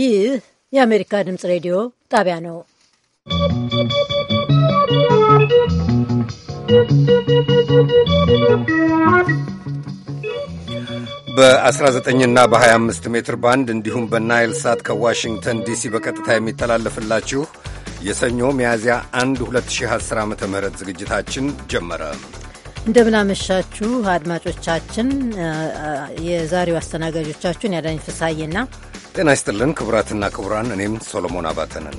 ይህ የአሜሪካ ድምፅ ሬዲዮ ጣቢያ ነው። በ19ና በ25 ሜትር ባንድ እንዲሁም በናይል ሳት ከዋሽንግተን ዲሲ በቀጥታ የሚተላለፍላችሁ የሰኞ ሚያዝያ 1 2010 ዓ ም ዝግጅታችን ጀመረ። እንደምናመሻችሁ አድማጮቻችን። የዛሬው አስተናጋጆቻችሁን ያዳኝ ፍሳዬና ጤና ይስጥልን ክቡራትና ክቡራን፣ እኔም ሶሎሞን አባተንን።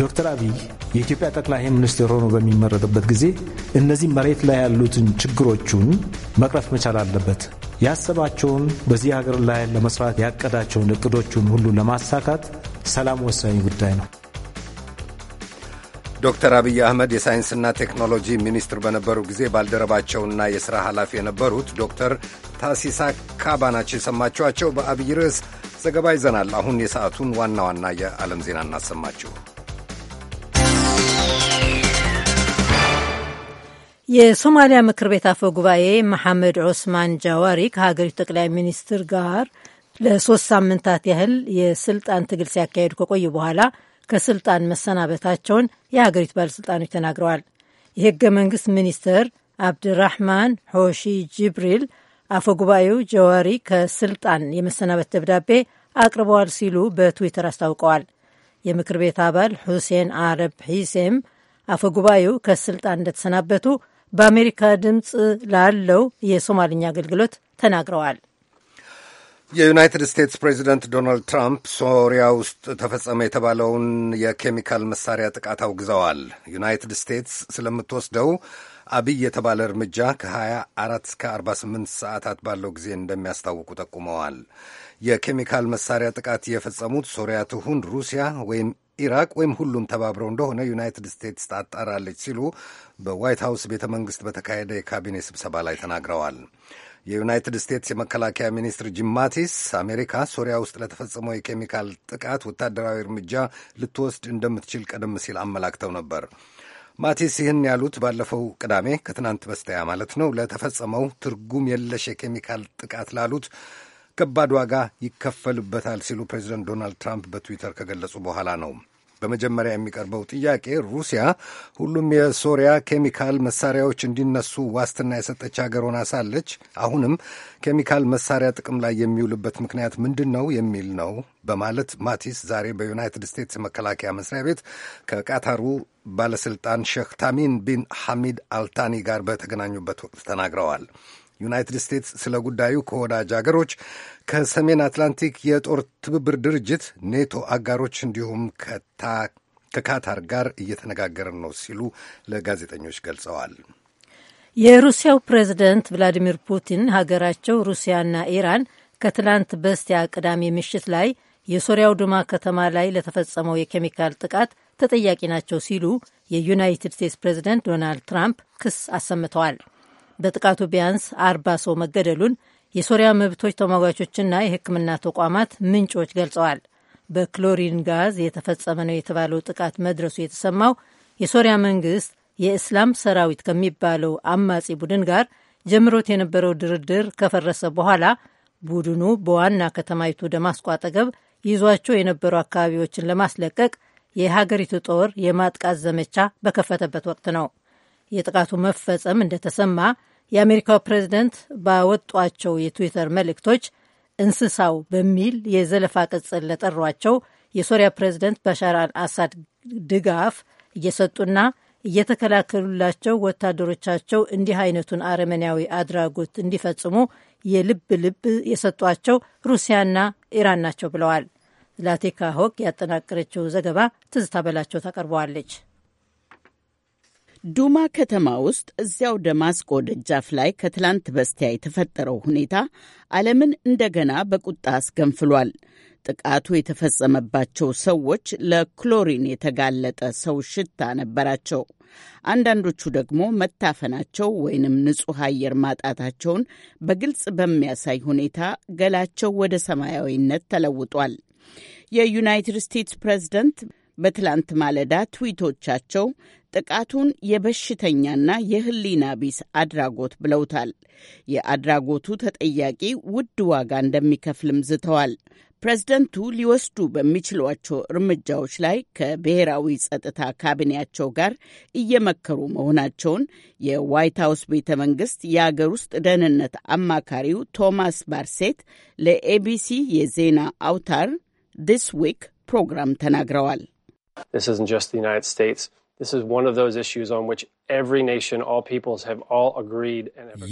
ዶክተር አብይ የኢትዮጵያ ጠቅላይ ሚኒስትር ሆኖ በሚመረጥበት ጊዜ እነዚህ መሬት ላይ ያሉትን ችግሮቹን መቅረፍ መቻል አለበት። ያሰባቸውን በዚህ ሀገር ላይ ለመስራት ያቀዳቸውን እቅዶቹን ሁሉ ለማሳካት ሰላም ወሳኝ ጉዳይ ነው። ዶክተር አብይ አህመድ የሳይንስና ቴክኖሎጂ ሚኒስትር በነበሩ ጊዜ ባልደረባቸውና የሥራ ኃላፊ የነበሩት ዶክተር ታሲሳ ካባ ናቸው የሰማችኋቸው። በአብይ ርዕስ ዘገባ ይዘናል። አሁን የሰዓቱን ዋና ዋና የዓለም ዜና እናሰማችሁ። የሶማሊያ ምክር ቤት አፈ ጉባኤ መሐመድ ዑስማን ጃዋሪ ከሀገሪቱ ጠቅላይ ሚኒስትር ጋር ለሶስት ሳምንታት ያህል የስልጣን ትግል ሲያካሄዱ ከቆዩ በኋላ ከስልጣን መሰናበታቸውን የሀገሪቱ ባለሥልጣኖች ተናግረዋል። የህገ መንግስት ሚኒስትር አብድራህማን ሆሺ ጅብሪል አፈ ጉባኤው ጀዋሪ ከስልጣን የመሰናበት ደብዳቤ አቅርበዋል ሲሉ በትዊተር አስታውቀዋል። የምክር ቤት አባል ሁሴን አረብ ሂሴም አፈ ጉባኤው ከስልጣን እንደተሰናበቱ በአሜሪካ ድምፅ ላለው የሶማልኛ አገልግሎት ተናግረዋል። የዩናይትድ ስቴትስ ፕሬዚደንት ዶናልድ ትራምፕ ሶሪያ ውስጥ ተፈጸመ የተባለውን የኬሚካል መሳሪያ ጥቃት አውግዘዋል። ዩናይትድ ስቴትስ ስለምትወስደው አብይ የተባለ እርምጃ ከ24 እስከ 48 ሰዓታት ባለው ጊዜ እንደሚያስታውቁ ጠቁመዋል። የኬሚካል መሳሪያ ጥቃት የፈጸሙት ሶሪያ ትሁን ሩሲያ ወይም ኢራቅ ወይም ሁሉም ተባብረው እንደሆነ ዩናይትድ ስቴትስ ታጣራለች ሲሉ በዋይት ሀውስ ቤተ መንግሥት በተካሄደ የካቢኔ ስብሰባ ላይ ተናግረዋል። የዩናይትድ ስቴትስ የመከላከያ ሚኒስትር ጂም ማቲስ አሜሪካ ሶሪያ ውስጥ ለተፈጸመው የኬሚካል ጥቃት ወታደራዊ እርምጃ ልትወስድ እንደምትችል ቀደም ሲል አመላክተው ነበር። ማቲስ ይህን ያሉት ባለፈው ቅዳሜ ከትናንት በስተያ ማለት ነው ለተፈጸመው ትርጉም የለሽ የኬሚካል ጥቃት ላሉት ከባድ ዋጋ ይከፈልበታል ሲሉ ፕሬዚደንት ዶናልድ ትራምፕ በትዊተር ከገለጹ በኋላ ነው። በመጀመሪያ የሚቀርበው ጥያቄ ሩሲያ ሁሉም የሶሪያ ኬሚካል መሳሪያዎች እንዲነሱ ዋስትና የሰጠች ሀገር ሆና ሳለች አሁንም ኬሚካል መሳሪያ ጥቅም ላይ የሚውልበት ምክንያት ምንድን ነው የሚል ነው በማለት ማቲስ ዛሬ በዩናይትድ ስቴትስ የመከላከያ መስሪያ ቤት ከቃታሩ ባለስልጣን ሼክ ታሚን ቢን ሐሚድ አልታኒ ጋር በተገናኙበት ወቅት ተናግረዋል። ዩናይትድ ስቴትስ ስለ ጉዳዩ ከወዳጅ አገሮች ከሰሜን አትላንቲክ የጦር ትብብር ድርጅት ኔቶ አጋሮች እንዲሁም ከካታር ጋር እየተነጋገርን ነው ሲሉ ለጋዜጠኞች ገልጸዋል። የሩሲያው ፕሬዝደንት ቭላዲሚር ፑቲን ሀገራቸው ሩሲያና ኢራን ከትላንት በስቲያ ቅዳሜ ምሽት ላይ የሶሪያው ዱማ ከተማ ላይ ለተፈጸመው የኬሚካል ጥቃት ተጠያቂ ናቸው ሲሉ የዩናይትድ ስቴትስ ፕሬዝደንት ዶናልድ ትራምፕ ክስ አሰምተዋል። በጥቃቱ ቢያንስ አርባ ሰው መገደሉን የሶሪያ መብቶች ተሟጋቾችና የሕክምና ተቋማት ምንጮች ገልጸዋል። በክሎሪን ጋዝ የተፈጸመ ነው የተባለው ጥቃት መድረሱ የተሰማው የሶሪያ መንግስት የእስላም ሰራዊት ከሚባለው አማጺ ቡድን ጋር ጀምሮት የነበረው ድርድር ከፈረሰ በኋላ ቡድኑ በዋና ከተማይቱ ደማስቆ አጠገብ ይዟቸው የነበሩ አካባቢዎችን ለማስለቀቅ የሀገሪቱ ጦር የማጥቃት ዘመቻ በከፈተበት ወቅት ነው። የጥቃቱ መፈጸም እንደተሰማ የአሜሪካው ፕሬዚደንት ባወጧቸው የትዊተር መልእክቶች እንስሳው በሚል የዘለፋ ቅጽል ለጠሯቸው የሶሪያ ፕሬዚደንት ባሻር አልአሳድ ድጋፍ እየሰጡና እየተከላከሉላቸው ወታደሮቻቸው እንዲህ አይነቱን አረመኔያዊ አድራጎት እንዲፈጽሙ የልብ ልብ የሰጧቸው ሩሲያና ኢራን ናቸው ብለዋል። ላቴካ ሆክ ያጠናቀረችው ዘገባ ትዝታ በላቸው ታቀርበዋለች። ዱማ ከተማ ውስጥ እዚያው ደማስቆ ደጃፍ ላይ ከትላንት በስቲያ የተፈጠረው ሁኔታ ዓለምን እንደገና በቁጣ አስገንፍሏል። ጥቃቱ የተፈጸመባቸው ሰዎች ለክሎሪን የተጋለጠ ሰው ሽታ ነበራቸው። አንዳንዶቹ ደግሞ መታፈናቸው ወይንም ንጹሕ አየር ማጣታቸውን በግልጽ በሚያሳይ ሁኔታ ገላቸው ወደ ሰማያዊነት ተለውጧል። የዩናይትድ ስቴትስ ፕሬዝደንት በትላንት ማለዳ ትዊቶቻቸው ጥቃቱን የበሽተኛና የህሊና ቢስ አድራጎት ብለውታል። የአድራጎቱ ተጠያቂ ውድ ዋጋ እንደሚከፍልም ዝተዋል። ፕሬዝደንቱ ሊወስዱ በሚችሏቸው እርምጃዎች ላይ ከብሔራዊ ጸጥታ ካቢኔያቸው ጋር እየመከሩ መሆናቸውን የዋይት ሀውስ ቤተ መንግስት የአገር ውስጥ ደህንነት አማካሪው ቶማስ ባርሴት ለኤቢሲ የዜና አውታር ዲስ ዊክ ፕሮግራም ተናግረዋል። This isn't just the United States.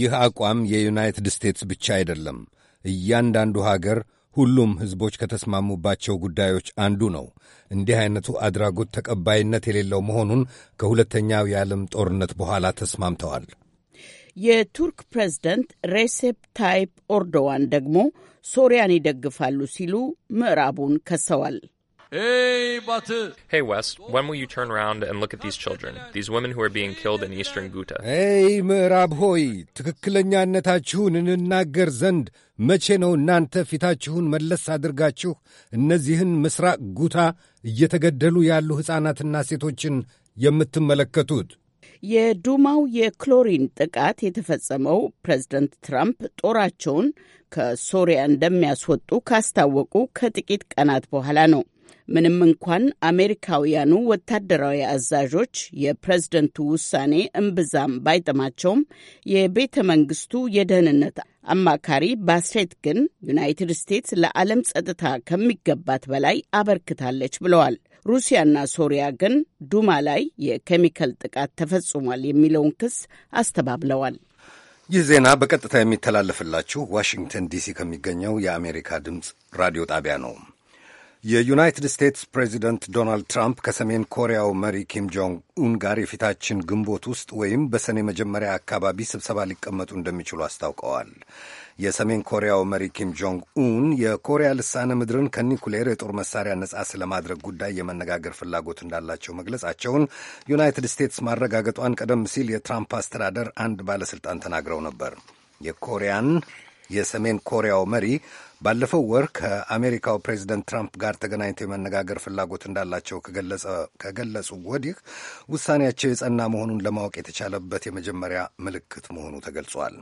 ይህ አቋም የዩናይትድ ስቴትስ ብቻ አይደለም። እያንዳንዱ ሀገር፣ ሁሉም ህዝቦች ከተስማሙባቸው ጉዳዮች አንዱ ነው። እንዲህ አይነቱ አድራጎት ተቀባይነት የሌለው መሆኑን ከሁለተኛው የዓለም ጦርነት በኋላ ተስማምተዋል። የቱርክ ፕሬዝደንት ሬሴፕ ታይፕ ኦርዶዋን ደግሞ ሶሪያን ይደግፋሉ ሲሉ ምዕራቡን ከሰዋል። Hey, Wes, when will you turn around and look at these children, these women who are being killed in eastern Ghouta? Hey, ምዕራብ ሆይ ትክክለኛነታችሁን እንናገር ዘንድ መቼ ነው እናንተ ፊታችሁን መለስ አድርጋችሁ እነዚህን ምስራቅ ጉታ እየተገደሉ ያሉ ሕፃናትና ሴቶችን የምትመለከቱት? የዱማው የክሎሪን ጥቃት የተፈጸመው ፕሬዝደንት ትራምፕ ጦራቸውን ከሶሪያ እንደሚያስወጡ ካስታወቁ ከጥቂት ቀናት በኋላ ነው። ምንም እንኳን አሜሪካውያኑ ወታደራዊ አዛዦች የፕሬዝደንቱ ውሳኔ እምብዛም ባይጥማቸውም የቤተ መንግስቱ የደህንነት አማካሪ ባስሬት ግን ዩናይትድ ስቴትስ ለዓለም ጸጥታ ከሚገባት በላይ አበርክታለች ብለዋል። ሩሲያና ሶሪያ ግን ዱማ ላይ የኬሚካል ጥቃት ተፈጽሟል የሚለውን ክስ አስተባብለዋል። ይህ ዜና በቀጥታ የሚተላለፍላችሁ ዋሽንግተን ዲሲ ከሚገኘው የአሜሪካ ድምፅ ራዲዮ ጣቢያ ነው። የዩናይትድ ስቴትስ ፕሬዚደንት ዶናልድ ትራምፕ ከሰሜን ኮሪያው መሪ ኪም ጆንግ ኡን ጋር የፊታችን ግንቦት ውስጥ ወይም በሰኔ መጀመሪያ አካባቢ ስብሰባ ሊቀመጡ እንደሚችሉ አስታውቀዋል። የሰሜን ኮሪያው መሪ ኪም ጆንግ ኡን የኮሪያ ልሳነ ምድርን ከኒኩሌር የጦር መሳሪያ ነጻ ስለማድረግ ጉዳይ የመነጋገር ፍላጎት እንዳላቸው መግለጻቸውን ዩናይትድ ስቴትስ ማረጋገጧን ቀደም ሲል የትራምፕ አስተዳደር አንድ ባለሥልጣን ተናግረው ነበር። የኮሪያን የሰሜን ኮሪያው መሪ ባለፈው ወር ከአሜሪካው ፕሬዚደንት ትራምፕ ጋር ተገናኝተው የመነጋገር ፍላጎት እንዳላቸው ከገለጹ ወዲህ ውሳኔያቸው የጸና መሆኑን ለማወቅ የተቻለበት የመጀመሪያ ምልክት መሆኑ ተገልጿል።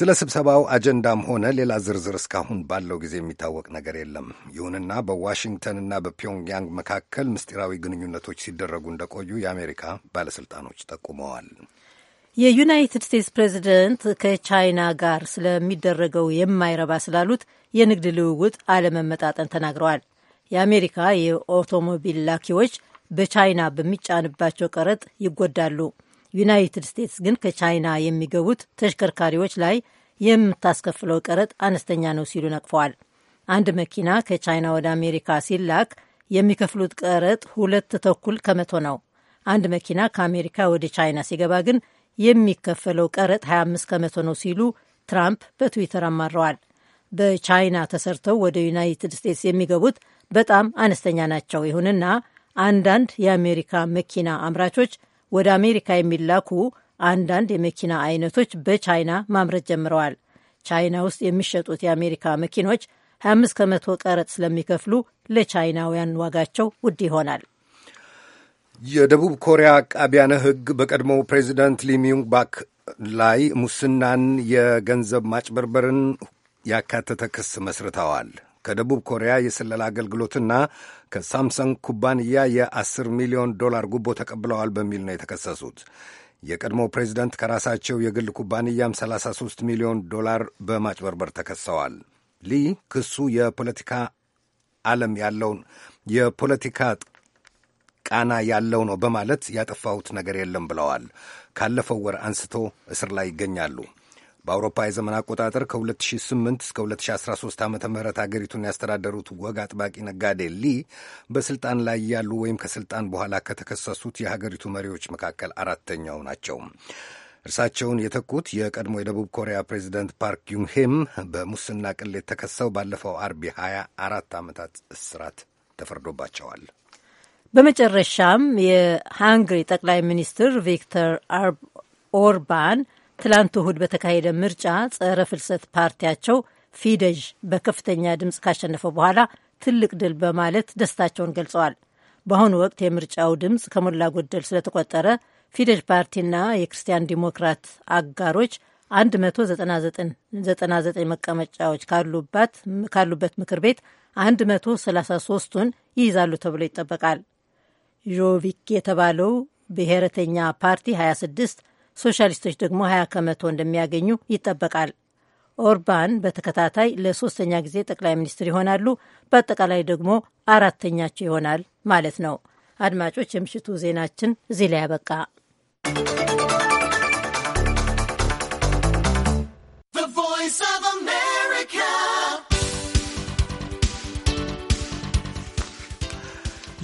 ስለ ስብሰባው አጀንዳም ሆነ ሌላ ዝርዝር እስካሁን ባለው ጊዜ የሚታወቅ ነገር የለም። ይሁንና በዋሽንግተንና በፒዮንግያንግ መካከል ምስጢራዊ ግንኙነቶች ሲደረጉ እንደቆዩ የአሜሪካ ባለሥልጣኖች ጠቁመዋል። የዩናይትድ ስቴትስ ፕሬዚደንት ከቻይና ጋር ስለሚደረገው የማይረባ ስላሉት የንግድ ልውውጥ አለመመጣጠን ተናግረዋል። የአሜሪካ የኦቶሞቢል ላኪዎች በቻይና በሚጫንባቸው ቀረጥ ይጎዳሉ። ዩናይትድ ስቴትስ ግን ከቻይና የሚገቡት ተሽከርካሪዎች ላይ የምታስከፍለው ቀረጥ አነስተኛ ነው ሲሉ ነቅፈዋል። አንድ መኪና ከቻይና ወደ አሜሪካ ሲላክ የሚከፍሉት ቀረጥ ሁለት ተኩል ከመቶ ነው። አንድ መኪና ከአሜሪካ ወደ ቻይና ሲገባ ግን የሚከፈለው ቀረጥ 25 ከመቶ ነው ሲሉ ትራምፕ በትዊተር አማረዋል። በቻይና ተሰርተው ወደ ዩናይትድ ስቴትስ የሚገቡት በጣም አነስተኛ ናቸው። ይሁንና አንዳንድ የአሜሪካ መኪና አምራቾች ወደ አሜሪካ የሚላኩ አንዳንድ የመኪና አይነቶች በቻይና ማምረት ጀምረዋል። ቻይና ውስጥ የሚሸጡት የአሜሪካ መኪኖች 25 ከመቶ ቀረጥ ስለሚከፍሉ ለቻይናውያን ዋጋቸው ውድ ይሆናል። የደቡብ ኮሪያ አቃቢያነ ሕግ በቀድሞው ፕሬዚደንት ሊሚዩንግ ባክ ላይ ሙስናን፣ የገንዘብ ማጭበርበርን ያካተተ ክስ መስርተዋል። ከደቡብ ኮሪያ የስለላ አገልግሎትና ከሳምሰንግ ኩባንያ የ10 ሚሊዮን ዶላር ጉቦ ተቀብለዋል በሚል ነው የተከሰሱት። የቀድሞው ፕሬዚደንት ከራሳቸው የግል ኩባንያም 33 ሚሊዮን ዶላር በማጭበርበር ተከሰዋል። ሊ ክሱ የፖለቲካ ዓለም ያለውን የፖለቲካ ቃና ያለው ነው በማለት ያጠፋሁት ነገር የለም ብለዋል። ካለፈው ወር አንስቶ እስር ላይ ይገኛሉ። በአውሮፓ የዘመን አቆጣጠር ከ2008 እስከ 2013 ዓ ም ሀገሪቱን ያስተዳደሩት ወግ አጥባቂ ነጋዴ ሊ በስልጣን ላይ ያሉ ወይም ከስልጣን በኋላ ከተከሰሱት የሀገሪቱ መሪዎች መካከል አራተኛው ናቸው። እርሳቸውን የተኩት የቀድሞ የደቡብ ኮሪያ ፕሬዚደንት ፓርክ ዩንሄም በሙስና ቅሌት ተከሰው ባለፈው አርብ 24 ዓመታት እስራት ተፈርዶባቸዋል። በመጨረሻም የሃንግሪ ጠቅላይ ሚኒስትር ቪክተር ኦርባን ትላንት እሁድ በተካሄደ ምርጫ ጸረ ፍልሰት ፓርቲያቸው ፊደዥ በከፍተኛ ድምፅ ካሸነፈ በኋላ ትልቅ ድል በማለት ደስታቸውን ገልጸዋል። በአሁኑ ወቅት የምርጫው ድምፅ ከሞላ ጎደል ስለተቆጠረ ፊደዥ ፓርቲና የክርስቲያን ዲሞክራት አጋሮች 199 መቀመጫዎች ካሉበት ምክር ቤት 133ቱን ይይዛሉ ተብሎ ይጠበቃል። ዦቪክ የተባለው ብሔረተኛ ፓርቲ 26፣ ሶሻሊስቶች ደግሞ 20 ከመቶ እንደሚያገኙ ይጠበቃል። ኦርባን በተከታታይ ለሶስተኛ ጊዜ ጠቅላይ ሚኒስትር ይሆናሉ። በአጠቃላይ ደግሞ አራተኛቸው ይሆናል ማለት ነው። አድማጮች፣ የምሽቱ ዜናችን እዚህ ላይ ያበቃ።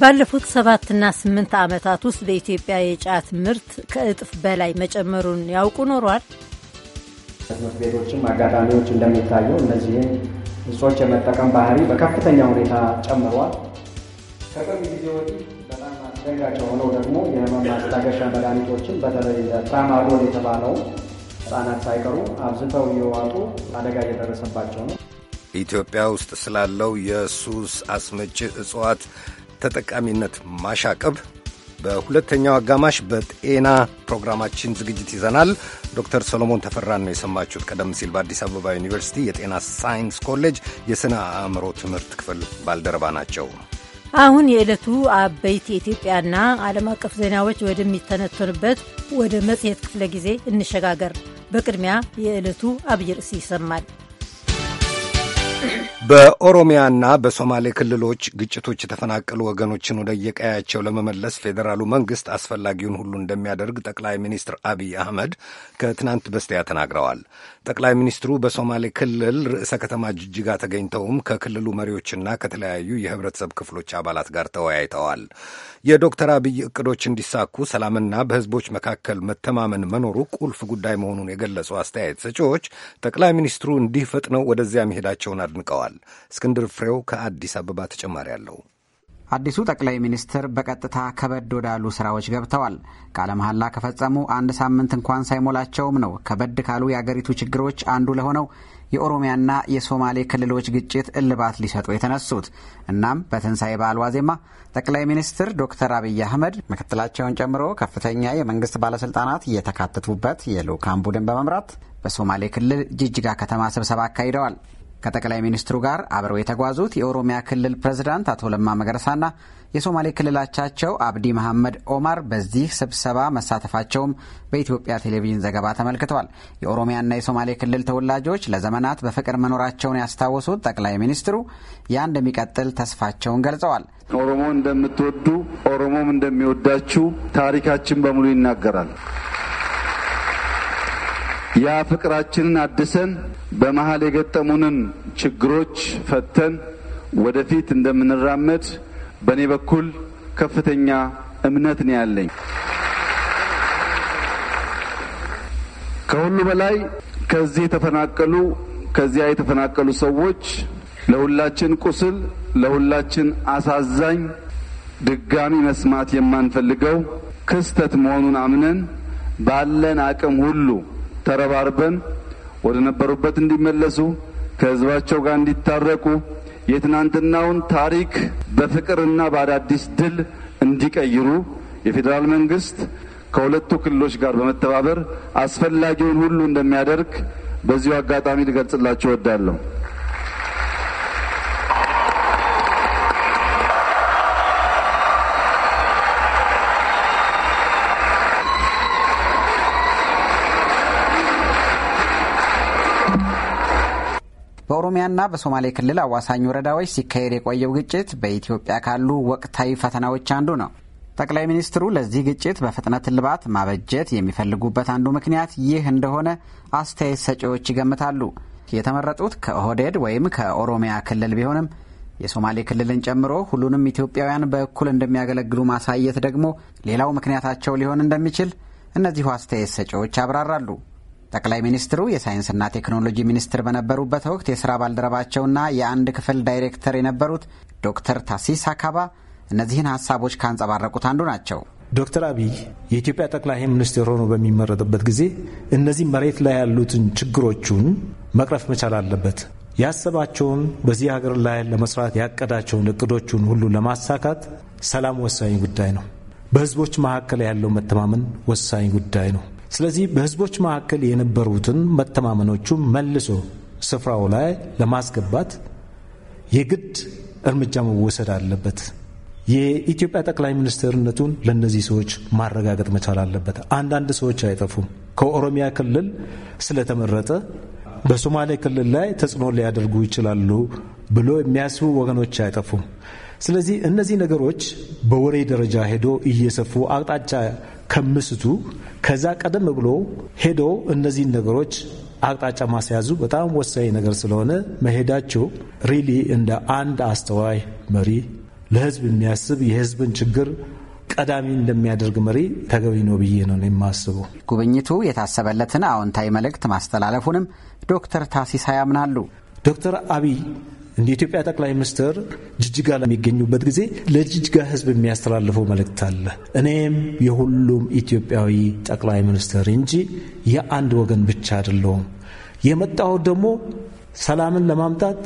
ባለፉት ሰባትና ስምንት ዓመታት ውስጥ በኢትዮጵያ የጫት ምርት ከእጥፍ በላይ መጨመሩን ያውቁ ኖሯል? ትምህርት ቤቶችም አጋጣሚዎች እንደሚታየው እነዚህን እጾች የመጠቀም ባህሪ በከፍተኛ ሁኔታ ጨምሯል። ከቅርብ ጊዜ ወዲህ በጣም አስደንጋጭ የሆነው ደግሞ የህመም ማስታገሻ መድኃኒቶችን በተለይ ትራማዶል የተባለው ህጻናት ሳይቀሩ አብዝተው እየዋጡ አደጋ እየደረሰባቸው ነው። ኢትዮጵያ ውስጥ ስላለው የሱስ አስመጭ እጽዋት ተጠቃሚነት ማሻቀብ በሁለተኛው አጋማሽ በጤና ፕሮግራማችን ዝግጅት ይዘናል። ዶክተር ሰሎሞን ተፈራን ነው የሰማችሁት። ቀደም ሲል በአዲስ አበባ ዩኒቨርሲቲ የጤና ሳይንስ ኮሌጅ የሥነ አእምሮ ትምህርት ክፍል ባልደረባ ናቸው። አሁን የዕለቱ አበይት የኢትዮጵያና ዓለም አቀፍ ዜናዎች ወደሚተነተኑበት ወደ መጽሔት ክፍለ ጊዜ እንሸጋገር። በቅድሚያ የዕለቱ አብይ ርዕስ ይሰማል። በኦሮሚያና በሶማሌ ክልሎች ግጭቶች የተፈናቀሉ ወገኖችን ወደ የቀያቸው ለመመለስ ፌዴራሉ መንግስት አስፈላጊውን ሁሉ እንደሚያደርግ ጠቅላይ ሚኒስትር አብይ አህመድ ከትናንት በስቲያ ተናግረዋል። ጠቅላይ ሚኒስትሩ በሶማሌ ክልል ርዕሰ ከተማ ጅጅጋ ተገኝተውም ከክልሉ መሪዎችና ከተለያዩ የህብረተሰብ ክፍሎች አባላት ጋር ተወያይተዋል። የዶክተር አብይ እቅዶች እንዲሳኩ ሰላምና በህዝቦች መካከል መተማመን መኖሩ ቁልፍ ጉዳይ መሆኑን የገለጹ አስተያየት ሰጪዎች ጠቅላይ ሚኒስትሩ እንዲህ ፈጥነው ወደዚያ መሄዳቸውን አድንቀዋል። እስክንድር ፍሬው ከአዲስ አበባ ተጨማሪ አለው። አዲሱ ጠቅላይ ሚኒስትር በቀጥታ ከበድ ወዳሉ ስራዎች ገብተዋል። ቃለ መሐላ ከፈጸሙ አንድ ሳምንት እንኳን ሳይሞላቸውም ነው ከበድ ካሉ የአገሪቱ ችግሮች አንዱ ለሆነው የኦሮሚያና የሶማሌ ክልሎች ግጭት እልባት ሊሰጡ የተነሱት። እናም በትንሣኤ በዓል ዋዜማ ጠቅላይ ሚኒስትር ዶክተር አብይ አህመድ ምክትላቸውን ጨምሮ ከፍተኛ የመንግስት ባለስልጣናት የተካተቱበት የልዑካን ቡድን በመምራት በሶማሌ ክልል ጅጅጋ ከተማ ስብሰባ አካሂደዋል። ከጠቅላይ ሚኒስትሩ ጋር አብረው የተጓዙት የኦሮሚያ ክልል ፕሬዝዳንት አቶ ለማ መገረሳና የሶማሌ ክልላቻቸው አብዲ መሐመድ ኦማር በዚህ ስብሰባ መሳተፋቸውም በኢትዮጵያ ቴሌቪዥን ዘገባ ተመልክተዋል። የኦሮሚያና የሶማሌ ክልል ተወላጆች ለዘመናት በፍቅር መኖራቸውን ያስታወሱት ጠቅላይ ሚኒስትሩ ያ እንደሚቀጥል ተስፋቸውን ገልጸዋል። ኦሮሞን እንደምትወዱ ኦሮሞም እንደሚወዳችሁ ታሪካችን በሙሉ ይናገራል። ያ ፍቅራችንን አድሰን በመሀል የገጠሙንን ችግሮች ፈተን ወደፊት እንደምንራመድ በእኔ በኩል ከፍተኛ እምነት ነው ያለኝ። ከሁሉ በላይ ከዚህ የተፈናቀሉ ከዚያ የተፈናቀሉ ሰዎች ለሁላችን ቁስል፣ ለሁላችን አሳዛኝ ድጋሚ መስማት የማንፈልገው ክስተት መሆኑን አምነን ባለን አቅም ሁሉ ተረባርበን ወደ ነበሩበት እንዲመለሱ ከህዝባቸው ጋር እንዲታረቁ የትናንትናውን ታሪክ በፍቅርና በአዳዲስ ድል እንዲቀይሩ የፌዴራል መንግስት ከሁለቱ ክልሎች ጋር በመተባበር አስፈላጊውን ሁሉ እንደሚያደርግ በዚሁ አጋጣሚ ልገልጽላችሁ እወዳለሁ። በኦሮሚያና በሶማሌ ክልል አዋሳኝ ወረዳዎች ሲካሄድ የቆየው ግጭት በኢትዮጵያ ካሉ ወቅታዊ ፈተናዎች አንዱ ነው። ጠቅላይ ሚኒስትሩ ለዚህ ግጭት በፍጥነት እልባት ማበጀት የሚፈልጉበት አንዱ ምክንያት ይህ እንደሆነ አስተያየት ሰጪዎች ይገምታሉ። የተመረጡት ከኦህዴድ ወይም ከኦሮሚያ ክልል ቢሆንም የሶማሌ ክልልን ጨምሮ ሁሉንም ኢትዮጵያውያን በእኩል እንደሚያገለግሉ ማሳየት ደግሞ ሌላው ምክንያታቸው ሊሆን እንደሚችል እነዚሁ አስተያየት ሰጪዎች ያብራራሉ። ጠቅላይ ሚኒስትሩ የሳይንስና ቴክኖሎጂ ሚኒስትር በነበሩበት ወቅት የሥራ ባልደረባቸውና የአንድ ክፍል ዳይሬክተር የነበሩት ዶክተር ታሲስ አካባ እነዚህን ሀሳቦች ካንጸባረቁት አንዱ ናቸው። ዶክተር አብይ የኢትዮጵያ ጠቅላይ ሚኒስትር ሆኖ በሚመረጥበት ጊዜ እነዚህ መሬት ላይ ያሉትን ችግሮቹን መቅረፍ መቻል አለበት። ያሰባቸውን በዚህ ሀገር ላይ ለመስራት ያቀዳቸውን እቅዶቹን ሁሉ ለማሳካት ሰላም ወሳኝ ጉዳይ ነው። በህዝቦች መካከል ያለው መተማመን ወሳኝ ጉዳይ ነው። ስለዚህ በህዝቦች መካከል የነበሩትን መተማመኖቹ መልሶ ስፍራው ላይ ለማስገባት የግድ እርምጃ መወሰድ አለበት። የኢትዮጵያ ጠቅላይ ሚኒስትርነቱን ለእነዚህ ሰዎች ማረጋገጥ መቻል አለበት። አንዳንድ ሰዎች አይጠፉም። ከኦሮሚያ ክልል ስለተመረጠ በሶማሌ ክልል ላይ ተጽዕኖ ሊያደርጉ ይችላሉ ብሎ የሚያስቡ ወገኖች አይጠፉም። ስለዚህ እነዚህ ነገሮች በወሬ ደረጃ ሄዶ እየሰፉ አቅጣጫ ከምስቱ ከዛ ቀደም ብሎ ሄዶ እነዚህን ነገሮች አቅጣጫ ማስያዙ በጣም ወሳኝ ነገር ስለሆነ መሄዳቸው ሪሊ እንደ አንድ አስተዋይ መሪ ለህዝብ የሚያስብ የህዝብን ችግር ቀዳሚ እንደሚያደርግ መሪ ተገቢ ነው ብዬ ነው የማስበው። ጉብኝቱ የታሰበለትን አዎንታዊ መልእክት ማስተላለፉንም ዶክተር ታሲሳ ያምናሉ። ዶክተር አብይ እንደ ኢትዮጵያ ጠቅላይ ሚኒስትር ጅጅጋ ለሚገኙበት ጊዜ ለጅጅጋ ሕዝብ የሚያስተላልፈው መልእክት አለ። እኔም የሁሉም ኢትዮጵያዊ ጠቅላይ ሚኒስትር እንጂ የአንድ ወገን ብቻ አይደለሁም። የመጣሁት ደግሞ ሰላምን ለማምጣት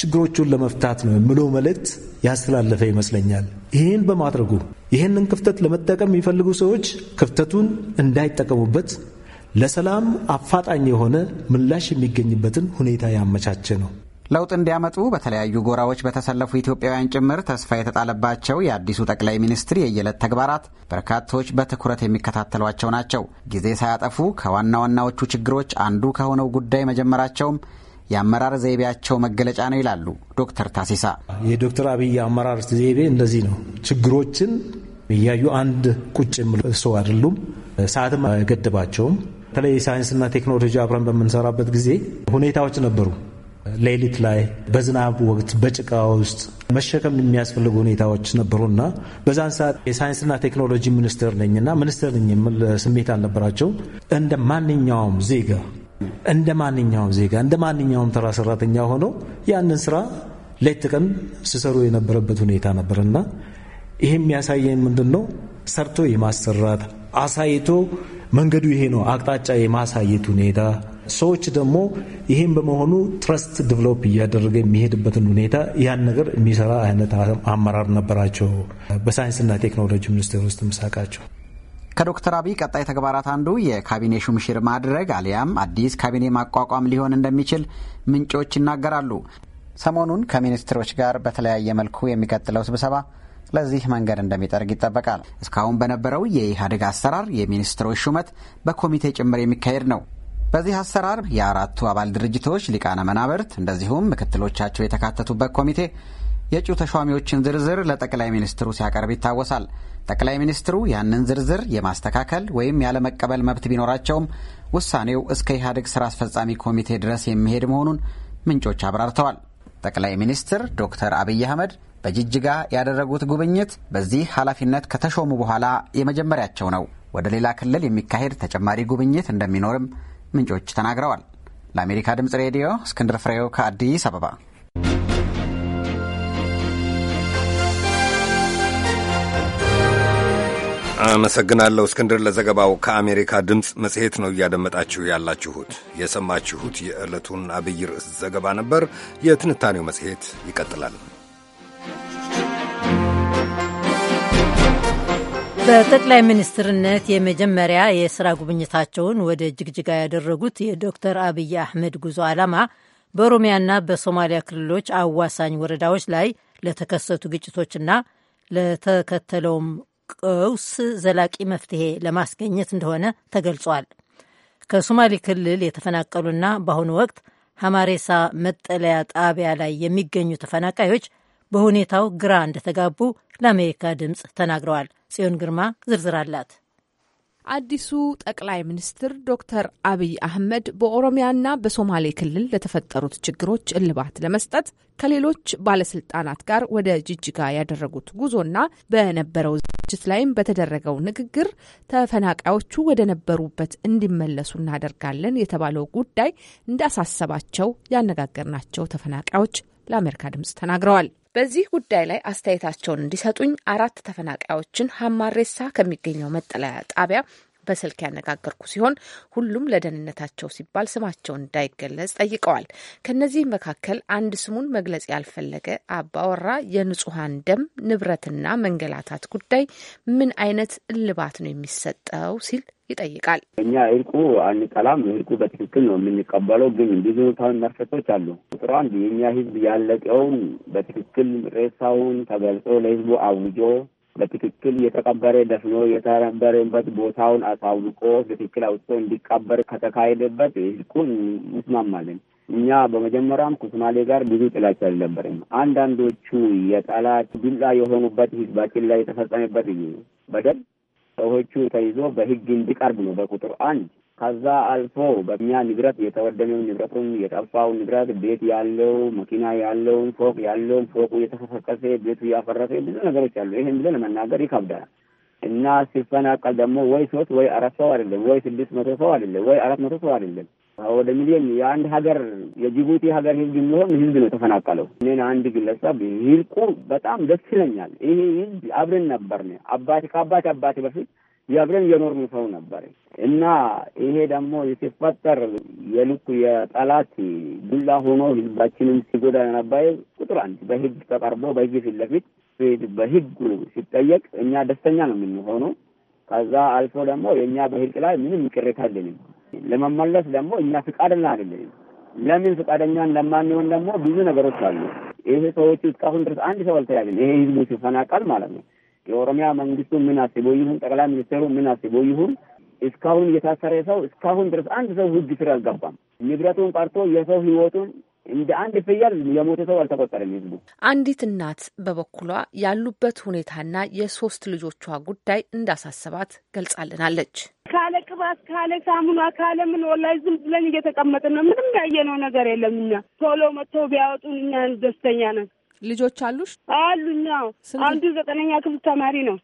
ችግሮቹን ለመፍታት ነው የምለው መልእክት ያስተላለፈ ይመስለኛል። ይህን በማድረጉ ይህንን ክፍተት ለመጠቀም የሚፈልጉ ሰዎች ክፍተቱን እንዳይጠቀሙበት ለሰላም አፋጣኝ የሆነ ምላሽ የሚገኝበትን ሁኔታ ያመቻቸ ነው። ለውጥ እንዲያመጡ በተለያዩ ጎራዎች በተሰለፉ ኢትዮጵያውያን ጭምር ተስፋ የተጣለባቸው የአዲሱ ጠቅላይ ሚኒስትር የየዕለት ተግባራት በርካቶች በትኩረት የሚከታተሏቸው ናቸው። ጊዜ ሳያጠፉ ከዋና ዋናዎቹ ችግሮች አንዱ ከሆነው ጉዳይ መጀመራቸውም የአመራር ዘይቤያቸው መገለጫ ነው ይላሉ ዶክተር ታሲሳ። የዶክተር አብይ አመራር ዘይቤ እንደዚህ ነው። ችግሮችን እያዩ አንድ ቁጭ የሚሉ ሰው አይደሉም። ሰዓትም አይገድባቸውም። በተለይ ሳይንስና ቴክኖሎጂ አብረን በምንሰራበት ጊዜ ሁኔታዎች ነበሩ። ሌሊት ላይ በዝናብ ወቅት በጭቃ ውስጥ መሸከም የሚያስፈልጉ ሁኔታዎች ነበሩና በዛን ሰዓት የሳይንስና ቴክኖሎጂ ሚኒስቴር ነኝና ሚኒስቴር ነኝ የሚል ስሜት አልነበራቸው። እንደ ማንኛውም ዜጋ እንደ ማንኛውም ዜጋ እንደ ማንኛውም ተራ ሰራተኛ ሆነው ያንን ስራ ሌት ቀን ሲሰሩ የነበረበት ሁኔታ ነበርና ይሄ የሚያሳየን ምንድን ነው? ሰርቶ የማሰራት አሳይቶ መንገዱ ይሄ ነው አቅጣጫ የማሳየት ሁኔታ ሰዎች ደግሞ ይህም በመሆኑ ትረስት ዲቨሎፕ እያደረገ የሚሄድበትን ሁኔታ ያን ነገር የሚሰራ አይነት አመራር ነበራቸው። በሳይንስና ቴክኖሎጂ ሚኒስቴር ውስጥ ምሳቃቸው ከዶክተር አብይ ቀጣይ ተግባራት አንዱ የካቢኔ ሹምሽር ማድረግ አሊያም አዲስ ካቢኔ ማቋቋም ሊሆን እንደሚችል ምንጮች ይናገራሉ። ሰሞኑን ከሚኒስትሮች ጋር በተለያየ መልኩ የሚቀጥለው ስብሰባ ለዚህ መንገድ እንደሚጠርግ ይጠበቃል። እስካሁን በነበረው የኢህአዴግ አሰራር የሚኒስትሮች ሹመት በኮሚቴ ጭምር የሚካሄድ ነው። በዚህ አሰራር የአራቱ አባል ድርጅቶች ሊቃነ መናብርት እንደዚሁም ምክትሎቻቸው የተካተቱበት ኮሚቴ የእጩ ተሿሚዎችን ዝርዝር ለጠቅላይ ሚኒስትሩ ሲያቀርብ ይታወሳል። ጠቅላይ ሚኒስትሩ ያንን ዝርዝር የማስተካከል ወይም ያለመቀበል መብት ቢኖራቸውም ውሳኔው እስከ ኢህአዴግ ስራ አስፈጻሚ ኮሚቴ ድረስ የሚሄድ መሆኑን ምንጮች አብራርተዋል። ጠቅላይ ሚኒስትር ዶክተር አብይ አህመድ በጅጅጋ ያደረጉት ጉብኝት በዚህ ኃላፊነት ከተሾሙ በኋላ የመጀመሪያቸው ነው። ወደ ሌላ ክልል የሚካሄድ ተጨማሪ ጉብኝት እንደሚኖርም ምንጮች ተናግረዋል። ለአሜሪካ ድምፅ ሬዲዮ እስክንድር ፍሬው ከአዲስ አበባ። አመሰግናለሁ እስክንድር ለዘገባው። ከአሜሪካ ድምፅ መጽሔት ነው እያደመጣችሁ ያላችሁት። የሰማችሁት የዕለቱን አብይ ርዕስ ዘገባ ነበር። የትንታኔው መጽሔት ይቀጥላል። በጠቅላይ ሚኒስትርነት የመጀመሪያ የስራ ጉብኝታቸውን ወደ ጅግጅጋ ያደረጉት የዶክተር አብይ አህመድ ጉዞ ዓላማ በኦሮሚያና በሶማሊያ ክልሎች አዋሳኝ ወረዳዎች ላይ ለተከሰቱ ግጭቶችና ለተከተለውም ቀውስ ዘላቂ መፍትሄ ለማስገኘት እንደሆነ ተገልጿል። ከሶማሌ ክልል የተፈናቀሉና በአሁኑ ወቅት ሐማሬሳ መጠለያ ጣቢያ ላይ የሚገኙ ተፈናቃዮች በሁኔታው ግራ እንደተጋቡ ለአሜሪካ ድምፅ ተናግረዋል። ጽዮን ግርማ ዝርዝር አላት። አዲሱ ጠቅላይ ሚኒስትር ዶክተር አብይ አህመድ በኦሮሚያና በሶማሌ ክልል ለተፈጠሩት ችግሮች እልባት ለመስጠት ከሌሎች ባለስልጣናት ጋር ወደ ጅጅጋ ያደረጉት ጉዞና በነበረው ዝግጅት ላይም በተደረገው ንግግር ተፈናቃዮቹ ወደ ነበሩበት እንዲመለሱ እናደርጋለን የተባለው ጉዳይ እንዳሳሰባቸው ያነጋገርናቸው ተፈናቃዮች ለአሜሪካ ድምጽ ተናግረዋል። በዚህ ጉዳይ ላይ አስተያየታቸውን እንዲሰጡኝ አራት ተፈናቃዮችን ሀማሬሳ ከሚገኘው መጠለያ ጣቢያ በስልክ ያነጋገርኩ ሲሆን ሁሉም ለደህንነታቸው ሲባል ስማቸውን እንዳይገለጽ ጠይቀዋል። ከነዚህም መካከል አንድ ስሙን መግለጽ ያልፈለገ አባወራ የንጹሐን ደም ንብረትና መንገላታት ጉዳይ ምን አይነት እልባት ነው የሚሰጠው ሲል ይጠይቃል። እኛ እርቁ አንጠላም፣ እርቁ በትክክል ነው የምንቀበለው። ግን ብዙ መርፈቶች አሉ። ቁጥሩ አንድ የእኛ ህዝብ ያለቀውን በትክክል ሬሳውን ተገልጾ ለህዝቡ አውጆ በትክክል እየተቀበረ ደፍኖ የተነበረበት ቦታውን አሳውቆ በትክክል አውጥቶ እንዲቀበር ከተካሄደበት ህልቁን እንስማማለን። እኛ በመጀመሪያም ከሶማሌ ጋር ብዙ ጥላቻ አልነበረም። አንዳንዶቹ የጠላት ቢላ የሆኑበት ህዝባችን ላይ የተፈጸመበት በደል ሰዎቹ ተይዞ በህግ እንዲቀርብ ነው። በቁጥር አንድ ከዛ አልፎ በእኛ ንብረት የተወደመው ንብረቱን የጠፋው ንብረት ቤት ያለው መኪና ያለው ፎቅ ያለው ፎቁ የተፈፈቀሰ ቤቱ ያፈረሰ ብዙ ነገሮች አሉ። ይህን ብለን ለመናገር ይከብዳል። እና ሲፈናቀል ደግሞ ወይ ሶስት ወይ አራት ሰው አይደለም፣ ወይ ስድስት መቶ ሰው አይደለም፣ ወይ አራት መቶ ሰው አይደለም። ወደ ሚሊዮን የአንድ ሀገር የጅቡቲ ሀገር ህዝብ የሚሆን ህዝብ ነው የተፈናቀለው። እኔን አንድ ግለሰብ ይልቁ በጣም ደስ ይለኛል። ይሄ ህዝብ አብረን ነበርን አባቴ ከአባቴ አባቴ በፊት የአብረን የኖርን ሰው ነበር እና ይሄ ደግሞ ሲፈጠር የልኩ የጠላት ዱላ ሆኖ ህዝባችንን ሲጎዳ ነበር። ቁጥር አንድ በህግ ተቀርቦ በህግ ፊት ለፊት በህግ ሲጠየቅ እኛ ደስተኛ ነው የምንሆነው። ከዛ አልፎ ደግሞ የእኛ በህግ ላይ ምንም ቅሬታ የለንም። ለመመለስ ደግሞ እኛ ፍቃደኛ አይደለንም። ለምን ፍቃደኛ ለማንሆን ደግሞ ብዙ ነገሮች አሉ። ይሄ ሰዎቹ እስካሁን ድረስ አንድ ሰው አልተያዘም። ይሄ ህዝቡ ሲፈናቀል ማለት ነው። የኦሮሚያ መንግስቱ ምን አስቦ ይሁን ጠቅላይ ሚኒስትሩ ምን አስቦ ይሁን እስካሁን እየታሰረ ሰው እስካሁን ድረስ አንድ ሰው ህግ ስር አልገባም። ንብረቱን ቀርቶ የሰው ህይወቱን እንደ አንድ ፍየል የሞተ ሰው አልተቆጠረም። ህዝቡ አንዲት እናት በበኩሏ ያሉበት ሁኔታና የሶስት ልጆቿ ጉዳይ እንዳሳሰባት ገልጻልናለች። ካለ ቅባት ካለ ሳሙና ካለ ምን ወላሂ ዝም ብለን እየተቀመጥን ነው። ምንም ያየነው ነገር የለም። እኛ ቶሎ መጥተው ቢያወጡን እኛ ደስተኛ ነን። ልጆች አሉሽ? አሉኝ። አንዱ ዘጠነኛ ክፍል ተማሪ ነው።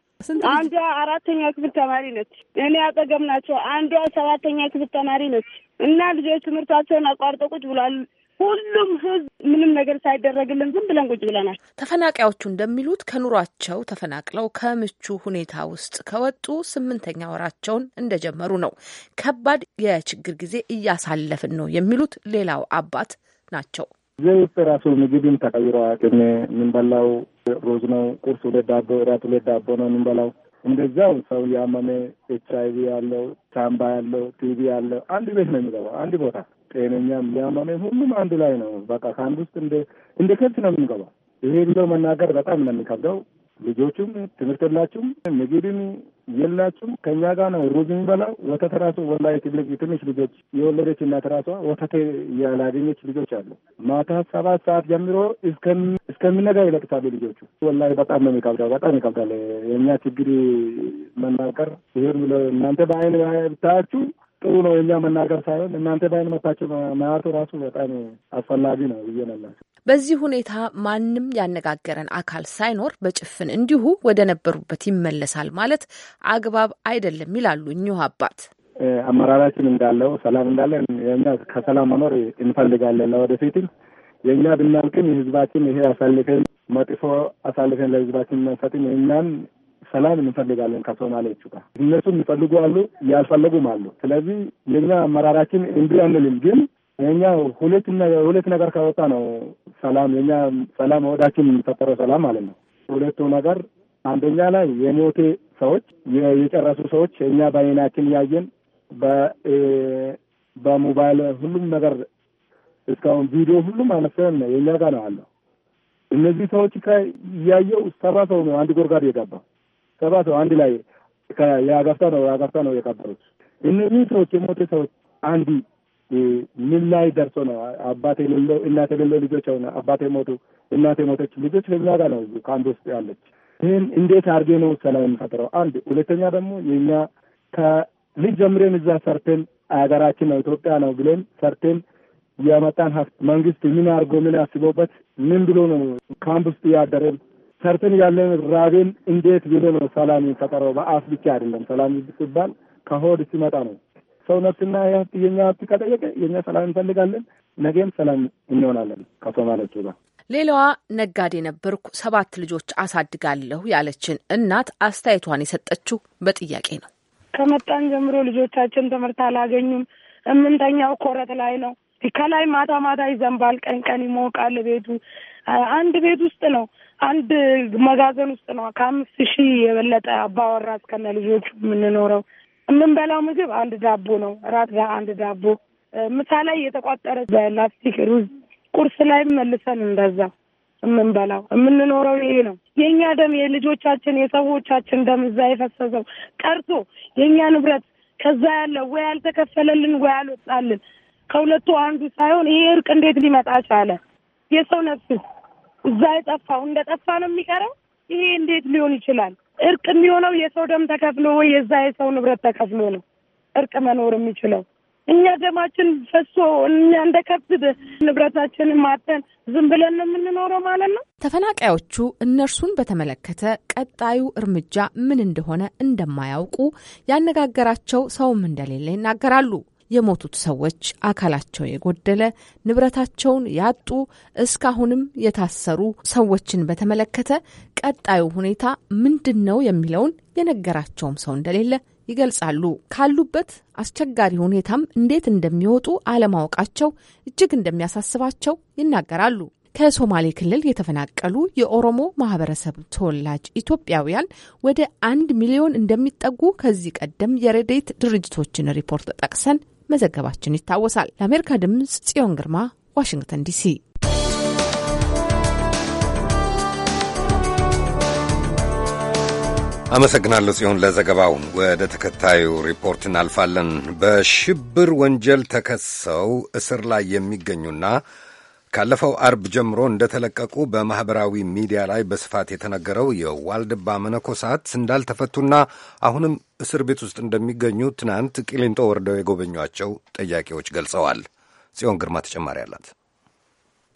አንዷ አራተኛ ክፍል ተማሪ ነች። እኔ አጠገብ ናቸው። አንዷ ሰባተኛ ክፍል ተማሪ ነች። እና ልጆች ትምህርታቸውን አቋርጠው ቁጭ ብሏል። ሁሉም ህዝብ ምንም ነገር ሳይደረግልን ዝም ብለን ቁጭ ብለናል። ተፈናቃዮቹ እንደሚሉት ከኑሯቸው ተፈናቅለው ከምቹ ሁኔታ ውስጥ ከወጡ ስምንተኛ ወራቸውን እንደጀመሩ ነው። ከባድ የችግር ጊዜ እያሳለፍን ነው የሚሉት ሌላው አባት ናቸው። ዘይት ራሱ ምግብም ተቀይሯል። የምንበላው ሮዝ ነው። ቁርስ ሁለት ዳቦ፣ እራት ሁለት ዳቦ ነው የምንበላው። እንደዛው ሰው ያመመ ኤች አይቪ ያለው ሳምባ ያለው ቲቪ ያለው አንድ ቤት ነው የሚገባው። አንድ ቦታ ጤነኛም ያመመ ሁሉም አንድ ላይ ነው። በቃ ከአንድ ውስጥ እንደ ከብት ነው የምንገባው። ይሄ ብሎ መናገር በጣም ነው የሚከብደው። ልጆቹም ትምህርት የላችሁም፣ ምግብም የላችሁም፣ ከእኛ ጋር ነው ሩዝ የሚበላው ወተት ራሱ ወላሂ ትልቅ ትንሽ ልጆች የወለደች እናት ራሷ ወተት ያላገኘች ልጆች አሉ። ማታ ሰባት ሰዓት ጀምሮ እስከሚነጋ ይለቅሳሉ ልጆቹ። ወላሂ በጣም ነው የሚከብዳው፣ በጣም ይከብዳል። የእኛ ችግር መናገር ይህም እናንተ በአይን ብታያችሁ ጥሩ ነው። የእኛ መናገር ሳይሆን እናንተ በአይን መታችሁ ማየቱ ራሱ በጣም አስፈላጊ ነው ብዬ ነላቸው በዚህ ሁኔታ ማንም ያነጋገረን አካል ሳይኖር በጭፍን እንዲሁ ወደ ነበሩበት ይመለሳል ማለት አግባብ አይደለም ይላሉ እኚሁ አባት። አመራራችን እንዳለው ሰላም እንዳለን የኛ ከሰላም መኖር እንፈልጋለን። ለወደፊትም የእኛ ብናልቅም የህዝባችን ይሄ አሳልፈን መጥፎ አሳልፈን ለህዝባችን መንሰጥም የእኛም ሰላም እንፈልጋለን ከሶማሌዎቹ ጋር። እነሱ የሚፈልጉ አሉ፣ ያልፈለጉም አሉ። ስለዚህ የእኛ አመራራችን እንቢ አንልም ግን እኛ ሁለት ሁለት ነገር ካወጣ ነው ሰላም የኛ ሰላም ወዳችን የሚፈጠረው ሰላም ማለት ነው። ሁለቱ ነገር አንደኛ ላይ የሞቴ ሰዎች የጨረሱ ሰዎች እኛ በአይናችን ያየን በሞባይል ሁሉም ነገር እስካሁን ቪዲዮ ሁሉም አነሰን የኛ ጋር ነው አለው። እነዚህ ሰዎች ያየው ሰባ ሰው ነው አንድ ጎርጋድ የገባው ሰባ ሰው አንድ ላይ የአጋፍታ ነው የአጋፍታ ነው የቀበሩት እነዚህ ሰዎች የሞቴ ሰዎች አንድ ምን ላይ ደርሶ ነው አባት የሌለው እናት የሌለው ልጆች ሆነ አባት የሞቱ እናት የሞተች ልጆች ከዛ ጋር ነው ከአንድ ውስጥ ያለች። ይህን እንዴት አድርጌ ነው ሰላም የምፈጥረው? አንድ ሁለተኛ ደግሞ የኛ ከልጅ ጀምሬን እዛ ሰርተን ሀገራችን ነው ኢትዮጵያ ነው ብለን ሰርተን የመጣን ሀብት መንግስት ምን አድርጎ ምን አስቦበት ምን ብሎ ነው ካምፕ ውስጥ እያደረን ሰርተን ያለን ራቤን እንዴት ብሎ ነው ሰላም የሚፈጠረው? በአፍ ብቻ አይደለም። ሰላም ሲባል ከሆድ ሲመጣ ነው። ሰውነትና የኛ መብት ከጠየቀ የኛ ሰላም እንፈልጋለን። ነገም ሰላም እንሆናለን ከሶማሌዎቹ ጋር። ሌላዋ ነጋዴ ነበርኩ ሰባት ልጆች አሳድጋለሁ ያለችን እናት አስተያየቷን የሰጠችው በጥያቄ ነው። ከመጣን ጀምሮ ልጆቻችን ትምህርት አላገኙም። እምንተኛው ኮረት ላይ ነው። ከላይ ማታ ማታ ይዘንባል፣ ቀን ቀን ይሞቃል። ቤቱ አንድ ቤት ውስጥ ነው፣ አንድ መጋዘን ውስጥ ነው። ከአምስት ሺህ የበለጠ አባወራ እስከነ ልጆቹ የምንኖረው የምንበላው ምግብ አንድ ዳቦ ነው። ራት ጋር አንድ ዳቦ፣ ምሳ ላይ የተቋጠረ በላስቲክ ሩዝ፣ ቁርስ ላይ መልሰን እንደዛ የምንበላው የምንኖረው ይሄ ነው። የእኛ ደም የልጆቻችን የሰዎቻችን ደም እዛ የፈሰሰው ቀርቶ የእኛ ንብረት ከዛ ያለው ወይ ያልተከፈለልን ወይ ያልወጣልን ከሁለቱ አንዱ ሳይሆን ይሄ እርቅ እንዴት ሊመጣ ቻለ? የሰው ነፍስ እዛ የጠፋው እንደ ጠፋ ነው የሚቀረው። ይሄ እንዴት ሊሆን ይችላል? እርቅ የሚሆነው የሰው ደም ተከፍሎ ወይ የዛ የሰው ንብረት ተከፍሎ ነው እርቅ መኖር የሚችለው። እኛ ደማችን ፈሶ እኛ እንደ ከብት ንብረታችንን ማተን ዝም ብለን ነው የምንኖረው ማለት ነው። ተፈናቃዮቹ እነርሱን በተመለከተ ቀጣዩ እርምጃ ምን እንደሆነ እንደማያውቁ ያነጋገራቸው ሰውም እንደሌለ ይናገራሉ። የሞቱት ሰዎች አካላቸው የጎደለ ንብረታቸውን ያጡ እስካሁንም የታሰሩ ሰዎችን በተመለከተ ቀጣዩ ሁኔታ ምንድን ነው የሚለውን የነገራቸውም ሰው እንደሌለ ይገልጻሉ። ካሉበት አስቸጋሪ ሁኔታም እንዴት እንደሚወጡ አለማወቃቸው እጅግ እንደሚያሳስባቸው ይናገራሉ። ከሶማሌ ክልል የተፈናቀሉ የኦሮሞ ማህበረሰብ ተወላጅ ኢትዮጵያውያን ወደ አንድ ሚሊዮን እንደሚጠጉ ከዚህ ቀደም የረዴት ድርጅቶችን ሪፖርት ጠቅሰን መዘገባችን ይታወሳል። ለአሜሪካ ድምጽ ጽዮን ግርማ ዋሽንግተን ዲሲ አመሰግናለሁ ጽዮን ለዘገባው። ወደ ተከታዩ ሪፖርት እናልፋለን። በሽብር ወንጀል ተከሰው እስር ላይ የሚገኙና ካለፈው አርብ ጀምሮ እንደተለቀቁ በማኅበራዊ ሚዲያ ላይ በስፋት የተነገረው የዋልድባ መነኮሳት እንዳልተፈቱና አሁንም እስር ቤት ውስጥ እንደሚገኙ ትናንት ቂሊንጦ ወርደው የጎበኟቸው ጠያቂዎች ገልጸዋል። ጽዮን ግርማ ተጨማሪ አላት።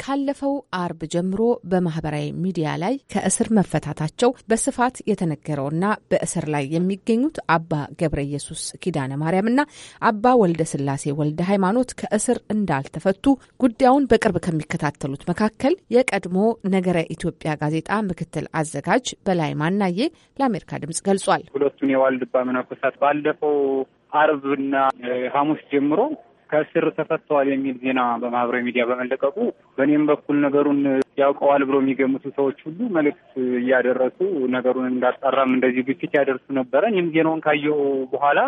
ካለፈው አርብ ጀምሮ በማህበራዊ ሚዲያ ላይ ከእስር መፈታታቸው በስፋት የተነገረውና በእስር ላይ የሚገኙት አባ ገብረ ኢየሱስ ኪዳነ ማርያምና አባ ወልደ ስላሴ ወልደ ሃይማኖት ከእስር እንዳልተፈቱ ጉዳዩን በቅርብ ከሚከታተሉት መካከል የቀድሞ ነገረ ኢትዮጵያ ጋዜጣ ምክትል አዘጋጅ በላይ ማናዬ ለአሜሪካ ድምጽ ገልጿል። ሁለቱን የዋልድባ መነኮሳት ባለፈው አርብና ሐሙስ ጀምሮ ከስር ተፈተዋል የሚል ዜና በማህበራዊ ሚዲያ በመለቀቁ በእኔም በኩል ነገሩን ያውቀዋል ብሎ የሚገምቱ ሰዎች ሁሉ መልእክት እያደረሱ ነገሩን እንዳጣራም እንደዚህ ግፊት ያደርሱ ነበረ። እኔም ዜናውን ካየው በኋላ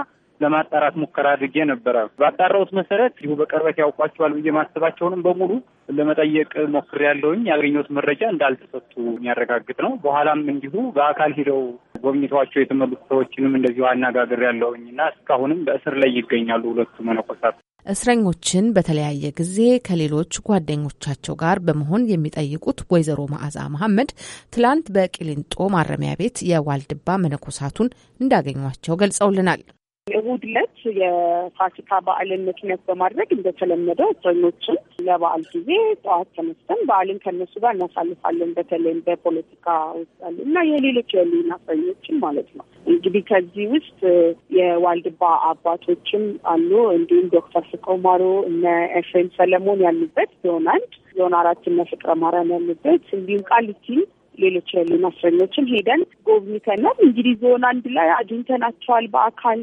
ለማጣራት ሙከራ አድርጌ ነበረ። ባጣራሁት መሰረት ይሁ በቅርበት ያውቋቸዋል ብዬ ማስባቸውንም በሙሉ ለመጠየቅ ያለውኝ ያገኘሁት መረጃ እንዳልተሰጡ የሚያረጋግጥ ነው። በኋላም እንዲሁ በአካል ሂደው ጎብኝተዋቸው የተመሉት ሰዎችንም እንደዚሁ ያለውኝ እና እስካሁንም በእስር ላይ ይገኛሉ ሁለቱ መነኮሳት። እስረኞችን በተለያየ ጊዜ ከሌሎች ጓደኞቻቸው ጋር በመሆን የሚጠይቁት ወይዘሮ መዓዛ መሐመድ ትላንት በቂሊንጦ ማረሚያ ቤት የዋልድባ መነኮሳቱን እንዳገኟቸው ገልጸውልናል። እሁድ ዕለት የፋሲካ በዓልን ምክንያት በማድረግ እንደተለመደው እስረኞችን ለበዓል ጊዜ ጠዋት ተነስተን በዓልን ከነሱ ጋር እናሳልፋለን። በተለይም በፖለቲካ ውስጥ ያሉ እና የሌሎች የህሊና እስረኞችን ማለት ነው። እንግዲህ ከዚህ ውስጥ የዋልድባ አባቶችም አሉ። እንዲሁም ዶክተር ፍቅሩ ማሮ እነ ኤፍሬም ሰለሞን ያሉበት ዞን አንድ፣ ዞን አራት እነ ፍቅረ ማርያም ያሉበት እንዲሁም ቃሊቲ ሌሎች የህሊና እስረኞችን ሄደን ጎብኝተናል። እንግዲህ ዞን አንድ ላይ አግኝተናቸዋል በአካል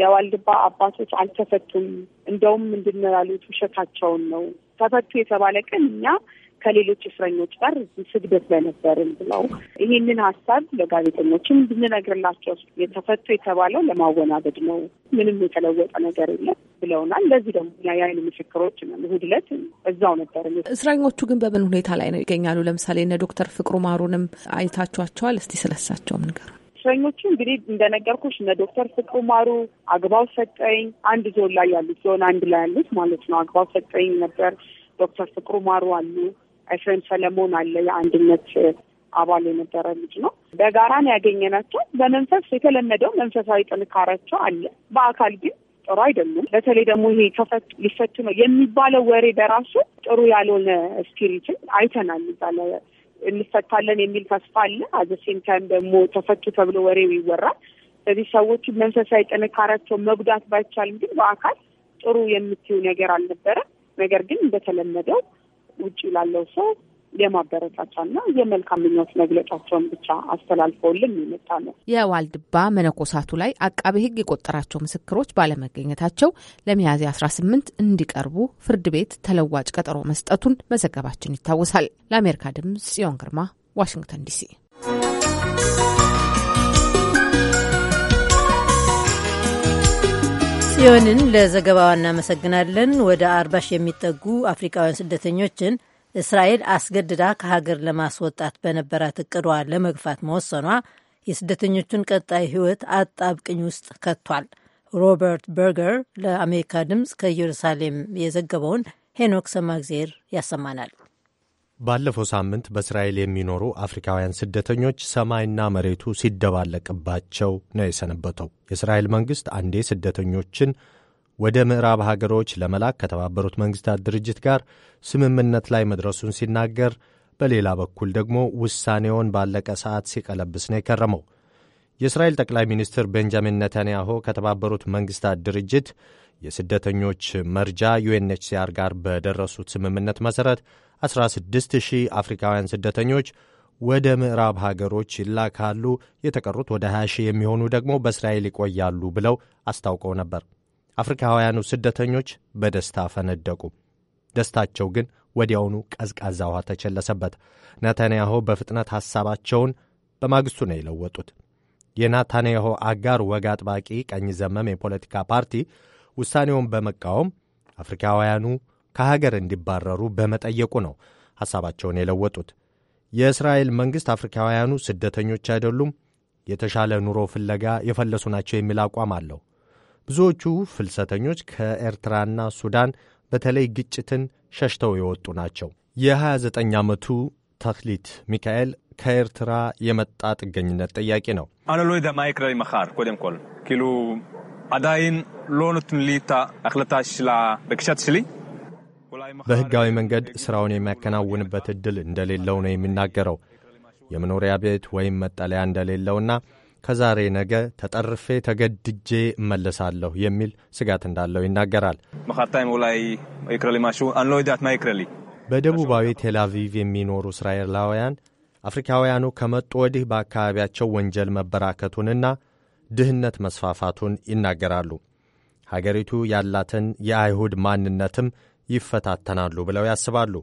የዋልድባ አባቶች አልተፈቱም፣ እንደውም ምንድን ነው ያሉት ውሸታቸውን ነው ተፈቱ የተባለ ቀን እኛ ከሌሎች እስረኞች ጋር ስግደት ላይ ነበርን ብለው ይህንን ሀሳብ ለጋዜጠኞችም እንድንነግርላቸው የተፈቱ የተባለው ለማወናበድ ነው፣ ምንም የተለወጠ ነገር የለም ብለውናል። ለዚህ ደግሞ የአይን ምስክሮች እሑድ ዕለት እዛው ነበር። እስረኞቹ ግን በምን ሁኔታ ላይ ነው ይገኛሉ? ለምሳሌ እነ ዶክተር ፍቅሩ ማሩንም አይታችኋቸዋል? እስቲ ስለሳቸውም ንገሩን። እስረኞቹ እንግዲህ እንደነገርኩሽ እነ ዶክተር ፍቅሩ ማሩ፣ አግባው ሰጠኝ አንድ ዞን ላይ ያሉት ዞን አንድ ላይ ያሉት ማለት ነው። አግባው ሰጠኝ ነበር፣ ዶክተር ፍቅሩ ማሩ አሉ፣ ኤፍሬም ሰለሞን አለ፣ የአንድነት አባል የነበረ ልጅ ነው። በጋራ ነው ያገኘናቸው። በመንፈስ የተለመደው መንፈሳዊ ጥንካሬያቸው አለ፣ በአካል ግን ጥሩ አይደሉም። በተለይ ደግሞ ይሄ ተፈቱ ሊፈቱ ነው የሚባለው ወሬ በራሱ ጥሩ ያልሆነ ስፒሪትን አይተናል እዛ እንፈታለን የሚል ተስፋ አለ። አዘሴም ታይም ደግሞ ተፈቱ ተብሎ ወሬው ይወራል። ስለዚህ ሰዎቹ መንፈሳዊ ጥንካሬያቸው መጉዳት ባይቻልም ግን በአካል ጥሩ የምትዩ ነገር አልነበረም። ነገር ግን እንደተለመደው ውጭ ላለው ሰው የማበረታቻና የመልካም ምኞት መግለጫቸውን ብቻ አስተላልፈውልን የመጣ ነው። የዋልድባ መነኮሳቱ ላይ አቃቤ ሕግ የቆጠራቸው ምስክሮች ባለመገኘታቸው ለሚያዝያ 18 እንዲቀርቡ ፍርድ ቤት ተለዋጭ ቀጠሮ መስጠቱን መዘገባችን ይታወሳል። ለአሜሪካ ድምጽ ጽዮን ግርማ ዋሽንግተን ዲሲ። ጽዮንን ለዘገባዋ እናመሰግናለን። ወደ አርባ ሺህ የሚጠጉ አፍሪካውያን ስደተኞችን እስራኤል አስገድዳ ከሀገር ለማስወጣት በነበራት እቅዷ ለመግፋት መወሰኗ የስደተኞቹን ቀጣይ ህይወት አጣብቅኝ ውስጥ ከቷል። ሮበርት በርገር ለአሜሪካ ድምፅ ከኢየሩሳሌም የዘገበውን ሄኖክ ሰማግዜር ያሰማናል። ባለፈው ሳምንት በእስራኤል የሚኖሩ አፍሪካውያን ስደተኞች ሰማይና መሬቱ ሲደባለቅባቸው ነው የሰነበተው። የእስራኤል መንግሥት አንዴ ስደተኞችን ወደ ምዕራብ ሀገሮች ለመላክ ከተባበሩት መንግሥታት ድርጅት ጋር ስምምነት ላይ መድረሱን ሲናገር፣ በሌላ በኩል ደግሞ ውሳኔውን ባለቀ ሰዓት ሲቀለብስ ነው የከረመው። የእስራኤል ጠቅላይ ሚኒስትር ቤንጃሚን ነታንያሁ ከተባበሩት መንግሥታት ድርጅት የስደተኞች መርጃ ዩኤንኤችሲአር ጋር በደረሱት ስምምነት መሠረት 16 ሺህ አፍሪካውያን ስደተኞች ወደ ምዕራብ ሀገሮች ይላካሉ፣ የተቀሩት ወደ 20 ሺህ የሚሆኑ ደግሞ በእስራኤል ይቆያሉ ብለው አስታውቀው ነበር። አፍሪካውያኑ ስደተኞች በደስታ ፈነደቁ። ደስታቸው ግን ወዲያውኑ ቀዝቃዛ ውሃ ተቸለሰበት። ናታንያሆ በፍጥነት ሐሳባቸውን በማግስቱ ነው የለወጡት። የናታንያሆ አጋር ወግ አጥባቂ ቀኝ ዘመም የፖለቲካ ፓርቲ ውሳኔውን በመቃወም አፍሪካውያኑ ከሀገር እንዲባረሩ በመጠየቁ ነው ሐሳባቸውን የለወጡት። የእስራኤል መንግሥት አፍሪካውያኑ ስደተኞች አይደሉም፣ የተሻለ ኑሮ ፍለጋ የፈለሱ ናቸው የሚል አቋም አለው። ብዙዎቹ ፍልሰተኞች ከኤርትራና ሱዳን በተለይ ግጭትን ሸሽተው የወጡ ናቸው። የ29 ዓመቱ ተክሊት ሚካኤል ከኤርትራ የመጣ ጥገኝነት ጠያቂ ነው። አነ መኻር ኮደም ኮል ኪሉ አዳይን ሎኑትን ሊታ አክለታ ሽላ መንገድ ሥራውን የሚያከናውንበት ዕድል እንደሌለው ነው የሚናገረው። የመኖሪያ ቤት ወይም መጠለያ እንደሌለውና ከዛሬ ነገ ተጠርፌ ተገድጄ እመለሳለሁ የሚል ስጋት እንዳለው ይናገራል። በደቡባዊ ቴላቪቭ የሚኖሩ እስራኤላውያን አፍሪካውያኑ ከመጡ ወዲህ በአካባቢያቸው ወንጀል መበራከቱንና ድህነት መስፋፋቱን ይናገራሉ። ሀገሪቱ ያላትን የአይሁድ ማንነትም ይፈታተናሉ ብለው ያስባሉ።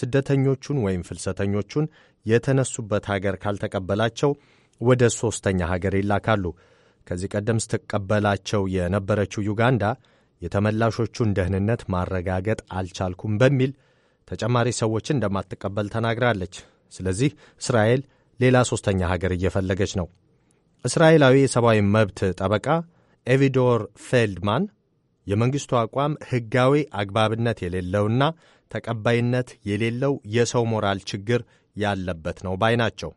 ስደተኞቹን ወይም ፍልሰተኞቹን የተነሱበት ሀገር ካልተቀበላቸው ወደ ሦስተኛ ሀገር ይላካሉ። ከዚህ ቀደም ስትቀበላቸው የነበረችው ዩጋንዳ የተመላሾቹን ደህንነት ማረጋገጥ አልቻልኩም በሚል ተጨማሪ ሰዎችን እንደማትቀበል ተናግራለች። ስለዚህ እስራኤል ሌላ ሦስተኛ ሀገር እየፈለገች ነው። እስራኤላዊ የሰብአዊ መብት ጠበቃ ኤቪዶር ፌልድማን የመንግሥቱ አቋም ሕጋዊ አግባብነት የሌለውና ተቀባይነት የሌለው የሰው ሞራል ችግር ያለበት ነው ባይ ናቸው።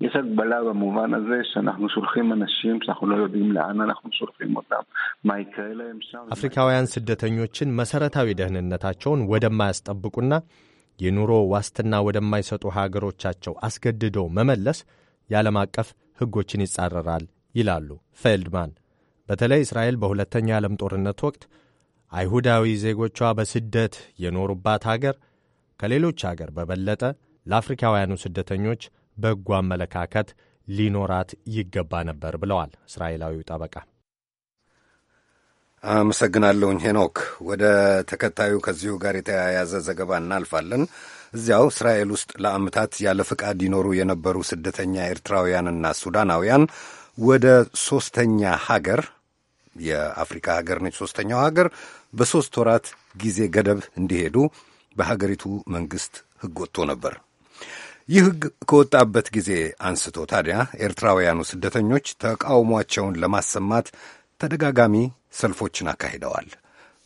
יש הגבלה במובן הזה שאנחנו שולחים אנשים שאנחנו לא יודעים לאן אנחנו שולחים אותם, מה יקרה להם שם. አፍሪካውያን ስደተኞችን መሰረታዊ ደህንነታቸውን ወደማያስጠብቁና የኑሮ ዋስትና ወደማይሰጡ ሀገሮቻቸው አስገድዶ መመለስ የዓለም አቀፍ ሕጎችን ይጻረራል ይላሉ ፌልድማን። በተለይ እስራኤል በሁለተኛው የዓለም ጦርነት ወቅት አይሁዳዊ ዜጎቿ በስደት የኖሩባት አገር ከሌሎች አገር በበለጠ ለአፍሪካውያኑ ስደተኞች በጎ አመለካከት ሊኖራት ይገባ ነበር ብለዋል እስራኤላዊው ጠበቃ። አመሰግናለሁኝ ሄኖክ። ወደ ተከታዩ ከዚሁ ጋር የተያያዘ ዘገባ እናልፋለን። እዚያው እስራኤል ውስጥ ለዓመታት ያለ ፍቃድ ይኖሩ የነበሩ ስደተኛ ኤርትራውያንና ሱዳናውያን ወደ ሦስተኛ ሀገር የአፍሪካ ሀገር ነች ሦስተኛው ሀገር በሦስት ወራት ጊዜ ገደብ እንዲሄዱ በሀገሪቱ መንግሥት ሕግ ወጥቶ ነበር። ይህ ሕግ ከወጣበት ጊዜ አንስቶ ታዲያ ኤርትራውያኑ ስደተኞች ተቃውሟቸውን ለማሰማት ተደጋጋሚ ሰልፎችን አካሂደዋል።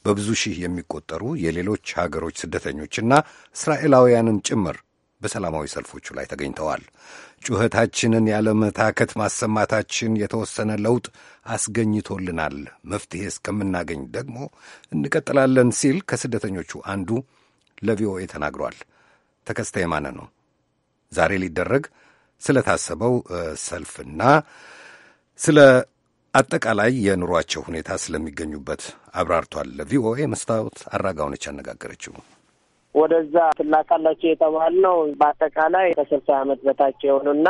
በብዙ ሺህ የሚቆጠሩ የሌሎች ሀገሮች ስደተኞችና እስራኤላውያንም ጭምር በሰላማዊ ሰልፎቹ ላይ ተገኝተዋል። ጩኸታችንን ያለመታከት ማሰማታችን የተወሰነ ለውጥ አስገኝቶልናል፣ መፍትሄ እስከምናገኝ ደግሞ እንቀጥላለን ሲል ከስደተኞቹ አንዱ ለቪኦኤ ተናግሯል። ተከስተ የማነ ነው ዛሬ ሊደረግ ስለታሰበው ሰልፍና ስለ አጠቃላይ የኑሯቸው ሁኔታ ስለሚገኙበት አብራርቷል። ለቪኦኤ መስታወት አራጋውነች ያነጋገረችው። ወደዛ ትላካላቸው ነው። በአጠቃላይ ከስልሳ አመት በታች የሆኑና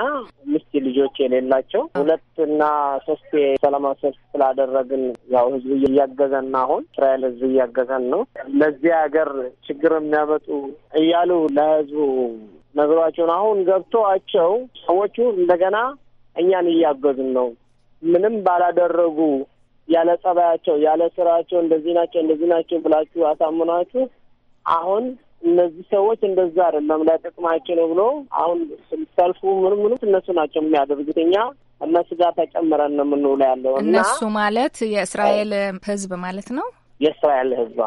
ሚስት ልጆች የሌላቸው ሁለትና ሶስት የሰላማዊ ሰልፍ ስላደረግን ያው ህዝብ እያገዘን አሁን እስራኤል ህዝብ እያገዘን ነው። ለዚህ ሀገር ችግር የሚያመጡ እያሉ ለህዝቡ ነግሯቸውን አሁን ገብቷቸው ሰዎቹ እንደገና እኛን እያገዙን ነው። ምንም ባላደረጉ ያለ ጸባያቸው፣ ያለ ስራቸው እንደዚህ ናቸው እንደዚህ ናቸው ብላችሁ አሳምናችሁ አሁን እነዚህ ሰዎች እንደዛ አይደለም ለጥቅማቸው ነው ብሎ አሁን ሰልፉ ምንም ምኑ እነሱ ናቸው የሚያደርጉት እኛ እነሱ ጋር ተጨምረን ነው የምንውለው ያለው እነሱ ማለት የእስራኤል ህዝብ ማለት ነው። የእስራኤል ህዝብ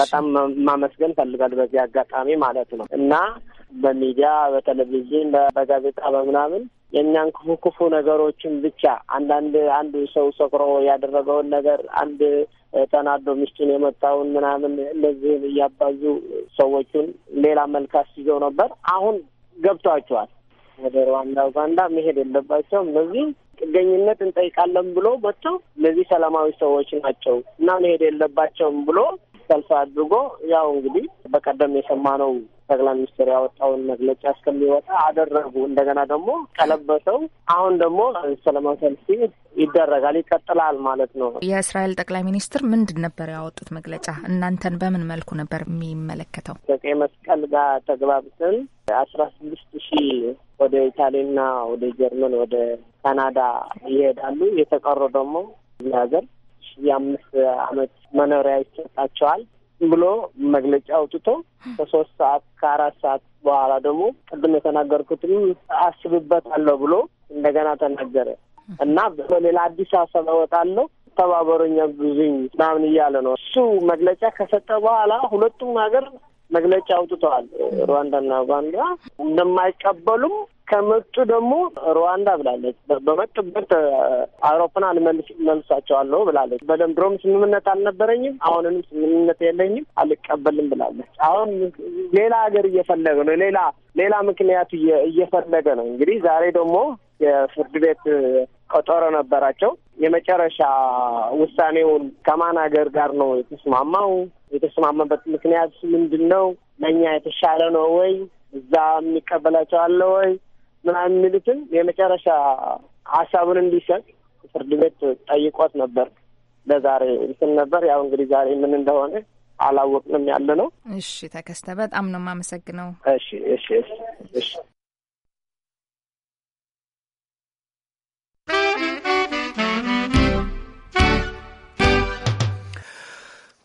በጣም ማመስገን ፈልጋል በዚህ አጋጣሚ ማለት ነው እና በሚዲያ በቴሌቪዥን በጋዜጣ በምናምን የእኛን ክፉ ክፉ ነገሮችን ብቻ አንዳንድ አንድ ሰው ሰክሮ ያደረገውን ነገር አንድ ተናዶ ሚስቱን የመጣውን ምናምን እነዚህን እያባዙ ሰዎቹን ሌላ መልካስ ይዘው ነበር። አሁን ገብቷቸዋል። ወደ ሩዋንዳ ኡጋንዳ መሄድ የለባቸውም። እነዚህ ጥገኝነት እንጠይቃለን ብሎ መጥተው እነዚህ ሰላማዊ ሰዎች ናቸው እና መሄድ የለባቸውም ብሎ ሰልፍ አድርጎ ያው እንግዲህ በቀደም የሰማነው ጠቅላይ ሚኒስትር ያወጣውን መግለጫ እስከሚወጣ አደረጉ። እንደገና ደግሞ ቀለበሰው። አሁን ደግሞ ሰላማዊ ሰልፍ ይደረጋል፣ ይቀጥላል ማለት ነው። የእስራኤል ጠቅላይ ሚኒስትር ምንድን ነበር ያወጡት መግለጫ? እናንተን በምን መልኩ ነበር የሚመለከተው? ከቀይ መስቀል ጋር ተግባብተን አስራ ስድስት ሺህ ወደ ኢታሊና ወደ ጀርመን፣ ወደ ካናዳ ይሄዳሉ። የተቀሩ ደግሞ እዚህ ሀገር የአምስት አመት መኖሪያ ይሰጣቸዋል ብሎ መግለጫ አውጥቶ ከሶስት ሰዓት ከአራት ሰዓት በኋላ ደግሞ ቅድም የተናገርኩትም አስብበታለሁ ብሎ እንደገና ተናገረ እና በሌላ አዲስ ሀሳብ እወጣለሁ ተባበሮኛ ብዙኝ ምናምን እያለ ነው። እሱ መግለጫ ከሰጠ በኋላ ሁለቱም ሀገር መግለጫ አውጥተዋል። ሩዋንዳና ኡጋንዳ እንደማይቀበሉም ከመጡ ደግሞ ሩዋንዳ ብላለች። በመጡበት አውሮፕላን መልሳቸዋለሁ ብላለች። በደምድሮም ስምምነት አልነበረኝም፣ አሁንንም ስምምነት የለኝም፣ አልቀበልም ብላለች። አሁን ሌላ ሀገር እየፈለገ ነው። ሌላ ሌላ ምክንያት እየፈለገ ነው። እንግዲህ ዛሬ ደግሞ የፍርድ ቤት ቀጠሮ ነበራቸው። የመጨረሻ ውሳኔውን ከማን ሀገር ጋር ነው የተስማማው? የተስማማበት ምክንያት ምንድን ነው? ለእኛ የተሻለ ነው ወይ? እዛ የሚቀበላቸው አለ ወይ? ምናምን የሚሉትን የመጨረሻ ሀሳቡን እንዲሰጥ ፍርድ ቤት ጠይቆት ነበር። ለዛሬ እንትን ነበር። ያው እንግዲህ ዛሬ ምን እንደሆነ አላወቅንም ያለ ነው። እሺ ተከስተ፣ በጣም ነው የማመሰግነው። እሺ እሺ እሺ።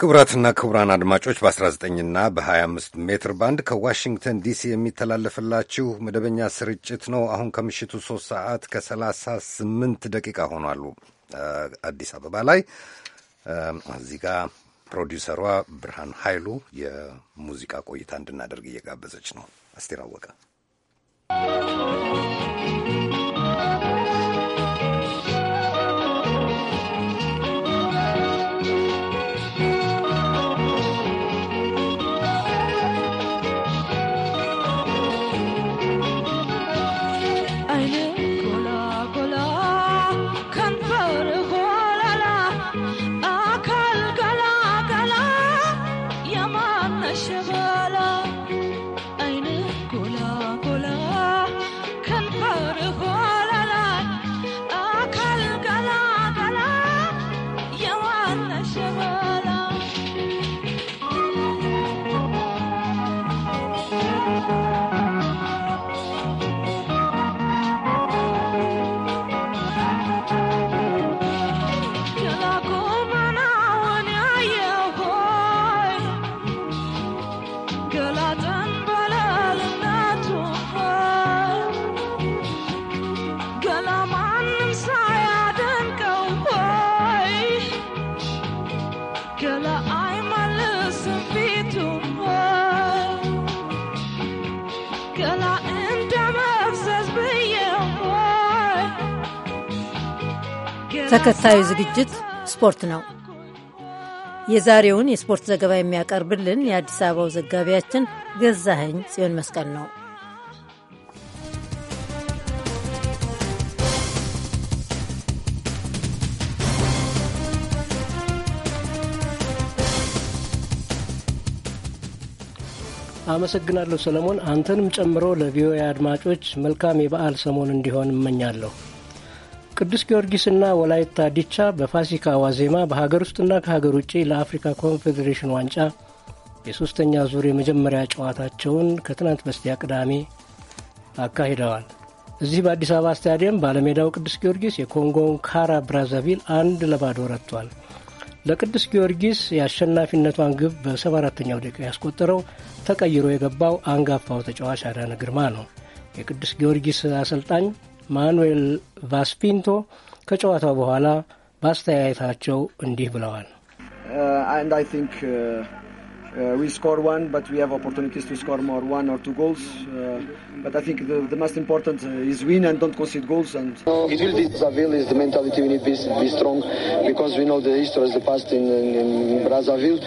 ክቡራትና ክቡራን አድማጮች በ19ና በ25 ሜትር ባንድ ከዋሽንግተን ዲሲ የሚተላለፍላችሁ መደበኛ ስርጭት ነው። አሁን ከምሽቱ 3 ሰዓት ከ38 ደቂቃ ሆኗሉ አዲስ አበባ ላይ። እዚህ ጋ ፕሮዲውሰሯ ብርሃን ኃይሉ የሙዚቃ ቆይታ እንድናደርግ እየጋበዘች ነው። አስቴር አወቀ Kala ተከታዩ ዝግጅት ስፖርት ነው። የዛሬውን የስፖርት ዘገባ የሚያቀርብልን የአዲስ አበባው ዘጋቢያችን ገዛኸኝ ጽዮን መስቀል ነው። አመሰግናለሁ ሰለሞን። አንተንም ጨምሮ ለቪኦኤ አድማጮች መልካም የበዓል ሰሞን እንዲሆን እመኛለሁ። ቅዱስ ጊዮርጊስና ወላይታ ዲቻ በፋሲካ ዋዜማ በሀገር ውስጥና ከሀገር ውጭ ለአፍሪካ ኮንፌዴሬሽን ዋንጫ የሶስተኛ ዙር የመጀመሪያ ጨዋታቸውን ከትናንት በስቲያ ቅዳሜ አካሂደዋል። እዚህ በአዲስ አበባ ስታዲየም ባለሜዳው ቅዱስ ጊዮርጊስ የኮንጎን ካራ ብራዛቪል አንድ ለባዶ ረቷል። ለቅዱስ ጊዮርጊስ የአሸናፊነቷን ግብ በሰባ 74 ደቂቃ ያስቆጠረው ተቀይሮ የገባው አንጋፋው ተጫዋች አዳነ ግርማ ነው። የቅዱስ ጊዮርጊስ አሰልጣኝ ማኑኤል ቫስፒንቶ ከጨዋታው በኋላ በአስተያየታቸው እንዲህ ብለዋል። uh, Uh, we score one, but we have opportunities to score more, one or two goals. Uh, but I think the, the most important is win and don't concede goals. And it will be Brazzaville is the mentality we need to be, be, strong because we know the history of the past in, in, in Brazzaville,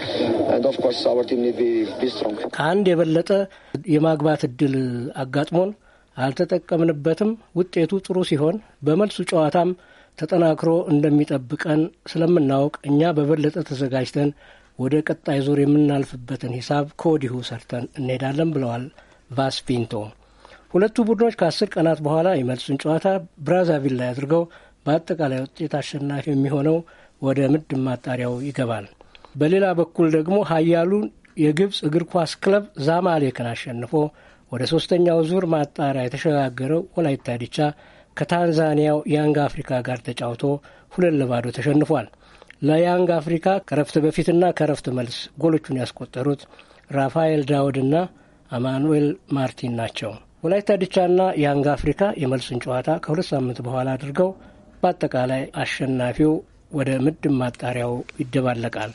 and of course our team need to be, be strong. ከአንድ የበለጠ የማግባት እድል አጋጥሞን አልተጠቀምንበትም። ውጤቱ ጥሩ ሲሆን በመልሱ ጨዋታም ተጠናክሮ እንደሚጠብቀን ስለምናውቅ እኛ በበለጠ ተዘጋጅተን ወደ ቀጣይ ዙር የምናልፍበትን ሂሳብ ከወዲሁ ሰርተን እንሄዳለን ብለዋል ቫስፒንቶ። ሁለቱ ቡድኖች ከአስር ቀናት በኋላ የመልሱን ጨዋታ ብራዛቪል ላይ አድርገው በአጠቃላይ ውጤት አሸናፊ የሚሆነው ወደ ምድብ ማጣሪያው ይገባል። በሌላ በኩል ደግሞ ኃያሉን የግብፅ እግር ኳስ ክለብ ዛማሌክን አሸንፎ ወደ ሶስተኛው ዙር ማጣሪያ የተሸጋገረው ወላይታ ዲቻ ከታንዛኒያው ያንግ አፍሪካ ጋር ተጫውቶ ሁለት ለባዶ ተሸንፏል። ለያንግ አፍሪካ ከረፍት በፊትና ከረፍት መልስ ጎሎቹን ያስቆጠሩት ራፋኤል ዳውድና አማኑኤል ማርቲን ናቸው። ወላይታ ዲቻና ያንግ አፍሪካ የመልሱን ጨዋታ ከሁለት ሳምንት በኋላ አድርገው በአጠቃላይ አሸናፊው ወደ ምድብ ማጣሪያው ይደባለቃል።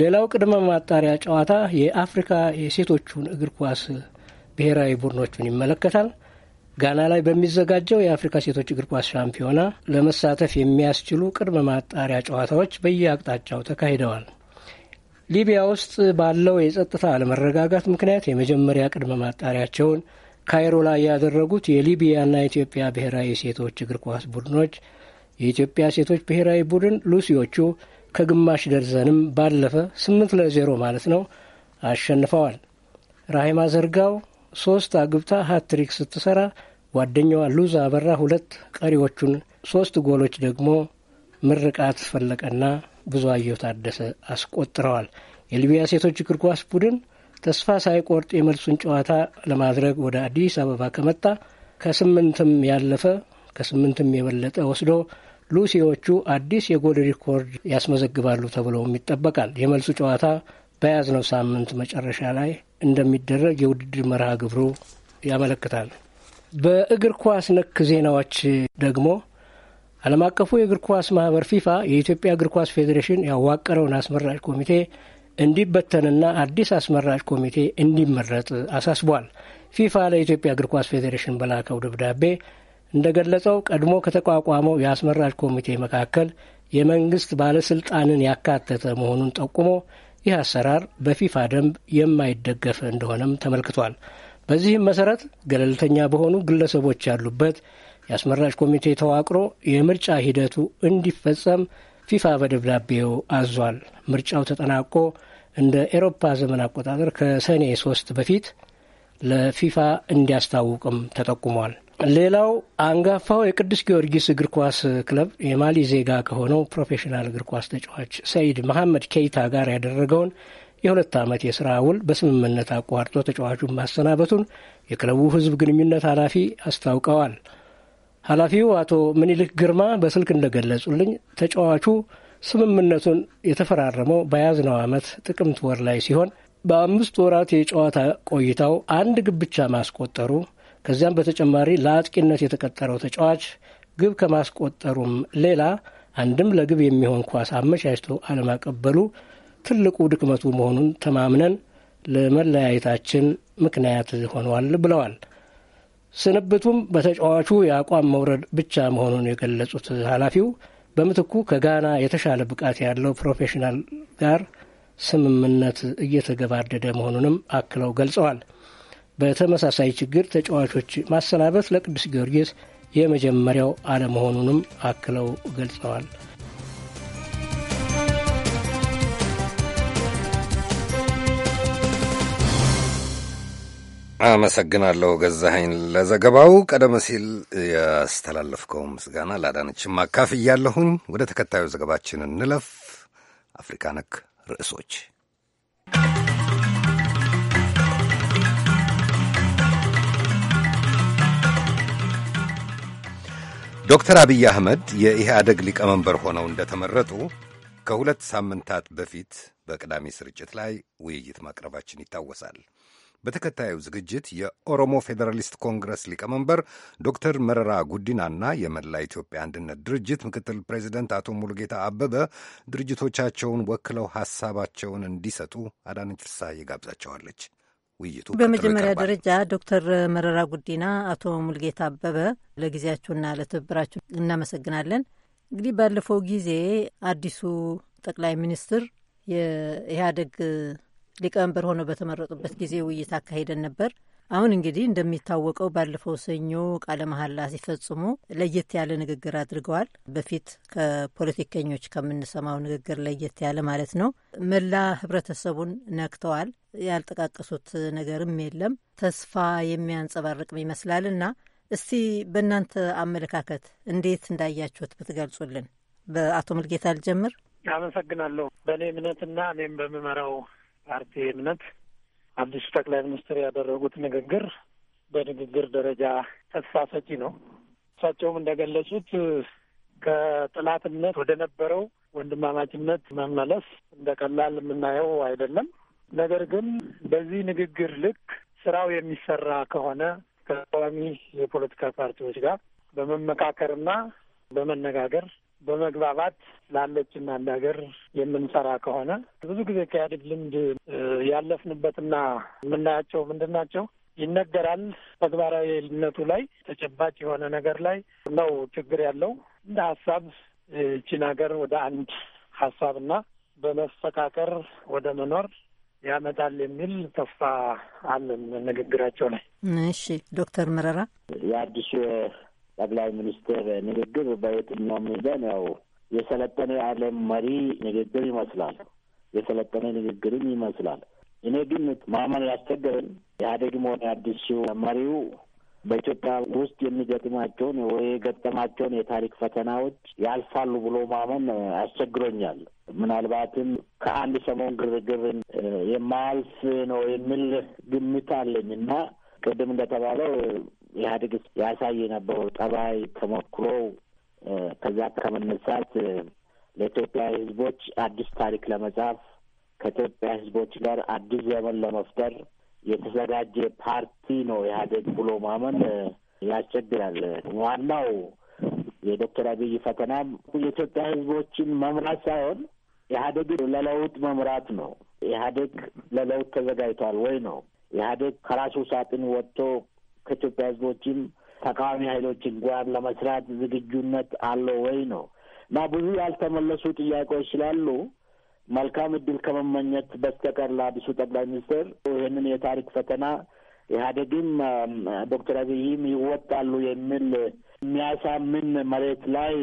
ሌላው ቅድመ ማጣሪያ ጨዋታ የአፍሪካ የሴቶቹን እግር ኳስ ብሔራዊ ቡድኖቹን ይመለከታል። ጋና ላይ በሚዘጋጀው የአፍሪካ ሴቶች እግር ኳስ ሻምፒዮና ለመሳተፍ የሚያስችሉ ቅድመ ማጣሪያ ጨዋታዎች በየአቅጣጫው ተካሂደዋል። ሊቢያ ውስጥ ባለው የጸጥታ አለመረጋጋት ምክንያት የመጀመሪያ ቅድመ ማጣሪያቸውን ካይሮ ላይ ያደረጉት የሊቢያና የኢትዮጵያ ብሔራዊ ሴቶች እግር ኳስ ቡድኖች የኢትዮጵያ ሴቶች ብሔራዊ ቡድን ሉሲዎቹ ከግማሽ ደርዘንም ባለፈ ስምንት ለዜሮ ማለት ነው አሸንፈዋል። ራሂማ ዘርጋው ሶስት አግብታ ሀትሪክ ስትሰራ ጓደኛዋ ሉዛ አበራ ሁለት፣ ቀሪዎቹን ሦስት ጎሎች ደግሞ ምርቃት ፈለቀና ብዙአየሁ ታደሰ አስቆጥረዋል። የሊቢያ ሴቶች እግር ኳስ ቡድን ተስፋ ሳይቆርጥ የመልሱን ጨዋታ ለማድረግ ወደ አዲስ አበባ ከመጣ ከስምንትም ያለፈ ከስምንትም የበለጠ ወስዶ ሉሲዎቹ አዲስ የጎል ሪኮርድ ያስመዘግባሉ ተብለውም ይጠበቃል። የመልሱ ጨዋታ በያዝነው ሳምንት መጨረሻ ላይ እንደሚደረግ የውድድር መርሃ ግብሩ ያመለክታል። በእግር ኳስ ነክ ዜናዎች ደግሞ ዓለም አቀፉ የእግር ኳስ ማህበር ፊፋ የኢትዮጵያ እግር ኳስ ፌዴሬሽን ያዋቀረውን አስመራጭ ኮሚቴ እንዲበተንና አዲስ አስመራጭ ኮሚቴ እንዲመረጥ አሳስቧል። ፊፋ ለኢትዮጵያ እግር ኳስ ፌዴሬሽን በላከው ደብዳቤ እንደገለጸው ቀድሞ ከተቋቋመው የአስመራጭ ኮሚቴ መካከል የመንግስት ባለስልጣንን ያካተተ መሆኑን ጠቁሞ ይህ አሰራር በፊፋ ደንብ የማይደገፍ እንደሆነም ተመልክቷል። በዚህም መሰረት ገለልተኛ በሆኑ ግለሰቦች ያሉበት የአስመራጭ ኮሚቴ ተዋቅሮ የምርጫ ሂደቱ እንዲፈጸም ፊፋ በደብዳቤው አዟል። ምርጫው ተጠናቆ እንደ ኤሮፓ ዘመን አቆጣጠር ከሰኔ ሶስት በፊት ለፊፋ እንዲያስታውቅም ተጠቁሟል። ሌላው አንጋፋው የቅዱስ ጊዮርጊስ እግር ኳስ ክለብ የማሊ ዜጋ ከሆነው ፕሮፌሽናል እግር ኳስ ተጫዋች ሰይድ መሐመድ ኬይታ ጋር ያደረገውን የሁለት ዓመት የሥራ ውል በስምምነት አቋርጦ ተጫዋቹን ማሰናበቱን የክለቡ ሕዝብ ግንኙነት ኃላፊ አስታውቀዋል። ኃላፊው አቶ ምኒልክ ግርማ በስልክ እንደገለጹልኝ ተጫዋቹ ስምምነቱን የተፈራረመው በያዝነው ዓመት ጥቅምት ወር ላይ ሲሆን በአምስት ወራት የጨዋታ ቆይታው አንድ ግብ ብቻ ማስቆጠሩ ከዚያም በተጨማሪ ለአጥቂነት የተቀጠረው ተጫዋች ግብ ከማስቆጠሩም ሌላ አንድም ለግብ የሚሆን ኳስ አመቻችቶ አለማቀበሉ ትልቁ ድክመቱ መሆኑን ተማምነን ለመለያየታችን ምክንያት ሆነዋል ብለዋል። ስንብቱም በተጫዋቹ የአቋም መውረድ ብቻ መሆኑን የገለጹት ኃላፊው በምትኩ ከጋና የተሻለ ብቃት ያለው ፕሮፌሽናል ጋር ስምምነት እየተገባደደ መሆኑንም አክለው ገልጸዋል። በተመሳሳይ ችግር ተጫዋቾች ማሰናበት ለቅዱስ ጊዮርጊስ የመጀመሪያው አለመሆኑንም አክለው ገልጸዋል። አመሰግናለሁ ገዛኸኝ ለዘገባው። ቀደም ሲል ያስተላለፍከው ምስጋና ማካፍ እያለሁኝ ወደ ተከታዩ ዘገባችን እንለፍ። አፍሪካ ነክ ርዕሶች ዶክተር አብይ አህመድ የኢህአደግ ሊቀመንበር ሆነው እንደተመረጡ ከሁለት ሳምንታት በፊት በቅዳሜ ስርጭት ላይ ውይይት ማቅረባችን ይታወሳል። በተከታዩ ዝግጅት የኦሮሞ ፌዴራሊስት ኮንግረስ ሊቀመንበር ዶክተር መረራ ጉዲናና የመላ ኢትዮጵያ አንድነት ድርጅት ምክትል ፕሬዚደንት አቶ ሙሉጌታ አበበ ድርጅቶቻቸውን ወክለው ሀሳባቸውን እንዲሰጡ አዳነች ፍሳ ጋብዛቸዋለች። ውይይቱ በመጀመሪያ ደረጃ ዶክተር መረራ ጉዲና፣ አቶ ሙሉጌታ አበበ ለጊዜያችሁና ለትብብራችሁ እናመሰግናለን። እንግዲህ ባለፈው ጊዜ አዲሱ ጠቅላይ ሚኒስትር የኢህአዴግ ሊቀመንበር ሆነው በተመረጡበት ጊዜ ውይይት አካሄደን ነበር። አሁን እንግዲህ እንደሚታወቀው ባለፈው ሰኞ ቃለ መሐላ ሲፈጽሙ ለየት ያለ ንግግር አድርገዋል። በፊት ከፖለቲከኞች ከምንሰማው ንግግር ለየት ያለ ማለት ነው። መላ ህብረተሰቡን ነክተዋል። ያልጠቃቀሱት ነገርም የለም። ተስፋ የሚያንጸባርቅም ይመስላልና እስቲ በእናንተ አመለካከት እንዴት እንዳያችሁት ብትገልጹልን። በአቶ ምልጌታ ልጀምር። አመሰግናለሁ። በእኔ እምነትና እኔም በምመራው ፓርቲ እምነት አዲሱ ጠቅላይ ሚኒስትር ያደረጉት ንግግር በንግግር ደረጃ ተስፋ ሰጪ ነው። እሳቸውም እንደገለጹት ከጥላትነት ወደ ነበረው ወንድማማችነት መመለስ እንደ ቀላል የምናየው አይደለም። ነገር ግን በዚህ ንግግር ልክ ስራው የሚሰራ ከሆነ ከተቃዋሚ የፖለቲካ ፓርቲዎች ጋር በመመካከርና በመነጋገር በመግባባት ላለችን አንድ ሀገር የምንሰራ ከሆነ ብዙ ጊዜ ከኢህአዴግ ልምድ ያለፍንበትና የምናያቸው ምንድን ናቸው ይነገራል። ተግባራዊነቱ ላይ ተጨባጭ የሆነ ነገር ላይ ነው ችግር ያለው። እንደ ሀሳብ ይህችን ሀገር ወደ አንድ ሀሳብና በመፈካከር ወደ መኖር ያመጣል የሚል ተስፋ አለን ንግግራቸው ላይ። እሺ ዶክተር መረራ የአዲሱ ጠቅላይ ሚኒስትር ንግግር በየትኛው ሚዛን ያው የሰለጠነ የዓለም መሪ ንግግር ይመስላል፣ የሰለጠነ ንግግርም ይመስላል። እኔ ግን ማመን ያስቸገረኝ ኢህአዴግም ሆነ አዲሱ መሪው በኢትዮጵያ ውስጥ የሚገጥማቸውን ወይ የገጠማቸውን የታሪክ ፈተናዎች ያልፋሉ ብሎ ማመን አስቸግሮኛል። ምናልባትም ከአንድ ሰሞን ግርግር የማያልፍ ነው የሚል ግምት አለኝ እና ቅድም እንደተባለው ኢህአዴግ ያሳይ የነበረው ጠባይ ተሞክሮው ከዛ ከመነሳት ለኢትዮጵያ ህዝቦች አዲስ ታሪክ ለመጻፍ ከኢትዮጵያ ህዝቦች ጋር አዲስ ዘመን ለመፍጠር የተዘጋጀ ፓርቲ ነው ኢህአዴግ ብሎ ማመን ያስቸግራል። ዋናው የዶክተር አብይ ፈተናም የኢትዮጵያ ህዝቦችን መምራት ሳይሆን ኢህአዴግ ለለውጥ መምራት ነው። ኢህአዴግ ለለውጥ ተዘጋጅቷል ወይ ነው። ኢህአዴግ ከራሱ ሳጥን ወጥቶ ከኢትዮጵያ ህዝቦችም ተቃዋሚ ኃይሎችን ጋር ለመስራት ዝግጁነት አለው ወይ ነው እና ብዙ ያልተመለሱ ጥያቄዎች ስላሉ መልካም እድል ከመመኘት በስተቀር ለአዲሱ ጠቅላይ ሚኒስትር ይህንን የታሪክ ፈተና ኢህአዴግም ዶክተር አብይም ይወጣሉ የሚል የሚያሳምን መሬት ላይ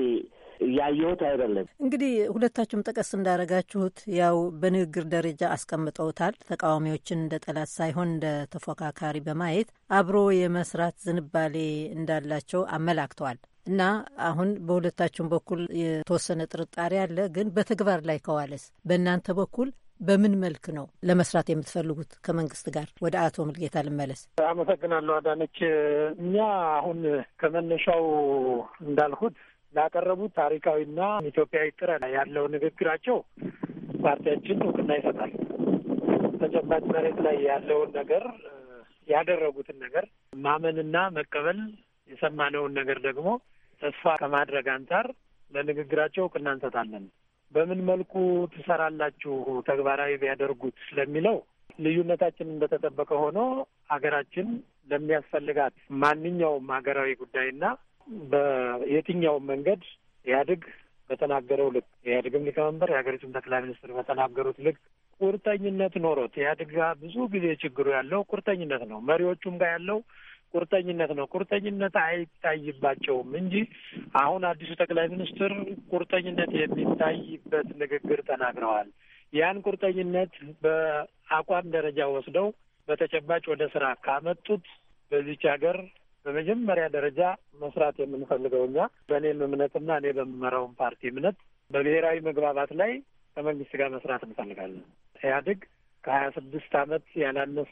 ያየሁት አይደለም። እንግዲህ ሁለታችሁም ጠቀስ እንዳረጋችሁት ያው በንግግር ደረጃ አስቀምጠውታል። ተቃዋሚዎችን እንደ ጠላት ሳይሆን እንደ ተፎካካሪ በማየት አብሮ የመስራት ዝንባሌ እንዳላቸው አመላክተዋል። እና አሁን በሁለታችሁም በኩል የተወሰነ ጥርጣሬ አለ። ግን በተግባር ላይ ከዋለስ በእናንተ በኩል በምን መልክ ነው ለመስራት የምትፈልጉት ከመንግስት ጋር? ወደ አቶ ምልጌታ ልመለስ። አመሰግናለሁ አዳነች። እኛ አሁን ከመነሻው እንዳልኩት ላቀረቡት ታሪካዊና ኢትዮጵያዊ ጥረት ያለው ንግግራቸው ፓርቲያችን እውቅና ይሰጣል። ተጨባጭ መሬት ላይ ያለውን ነገር ያደረጉትን ነገር ማመንና መቀበል የሰማነውን ነገር ደግሞ ተስፋ ከማድረግ አንጻር ለንግግራቸው እውቅና እንሰጣለን። በምን መልኩ ትሰራላችሁ ተግባራዊ ቢያደርጉት ለሚለው ልዩነታችን እንደተጠበቀ ሆኖ ሀገራችን ለሚያስፈልጋት ማንኛውም ሀገራዊ ጉዳይና በየትኛውም መንገድ ኢህአዴግ በተናገረው ልክ ኢህአዴግም ሊቀመንበር የሀገሪቱም ጠቅላይ ሚኒስትር በተናገሩት ልክ ቁርጠኝነት ኖሮት ኢህአዴግ ጋር ብዙ ጊዜ ችግሩ ያለው ቁርጠኝነት ነው። መሪዎቹም ጋር ያለው ቁርጠኝነት ነው። ቁርጠኝነት አይታይባቸውም እንጂ አሁን አዲሱ ጠቅላይ ሚኒስትር ቁርጠኝነት የሚታይበት ንግግር ተናግረዋል። ያን ቁርጠኝነት በአቋም ደረጃ ወስደው በተጨባጭ ወደ ስራ ካመጡት በዚች ሀገር በመጀመሪያ ደረጃ መስራት የምንፈልገው እኛ በእኔም እምነትና እኔ በምመራውን ፓርቲ እምነት በብሔራዊ መግባባት ላይ ከመንግስት ጋር መስራት እንፈልጋለን። ኢህአዴግ ከሀያ ስድስት ዓመት ያላነሰ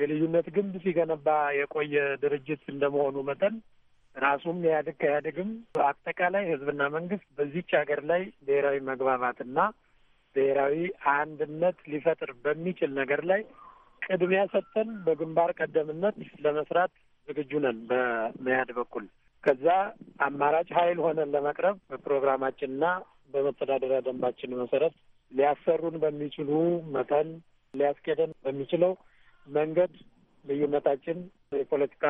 የልዩነት ግንብ ሲገነባ የቆየ ድርጅት እንደመሆኑ መጠን ራሱም ኢህአዴግ ከኢህአዴግም አጠቃላይ ህዝብና መንግስት በዚች ሀገር ላይ ብሔራዊ መግባባትና ብሔራዊ አንድነት ሊፈጥር በሚችል ነገር ላይ ቅድሚያ ሰጥተን በግንባር ቀደምነት ለመስራት ዝግጁ ነን በመያድ በኩል። ከዛ አማራጭ ኃይል ሆነን ለመቅረብ በፕሮግራማችንና በመተዳደሪያ ደንባችን መሰረት ሊያሰሩን በሚችሉ መጠን ሊያስኬደን በሚችለው መንገድ ልዩነታችን የፖለቲካ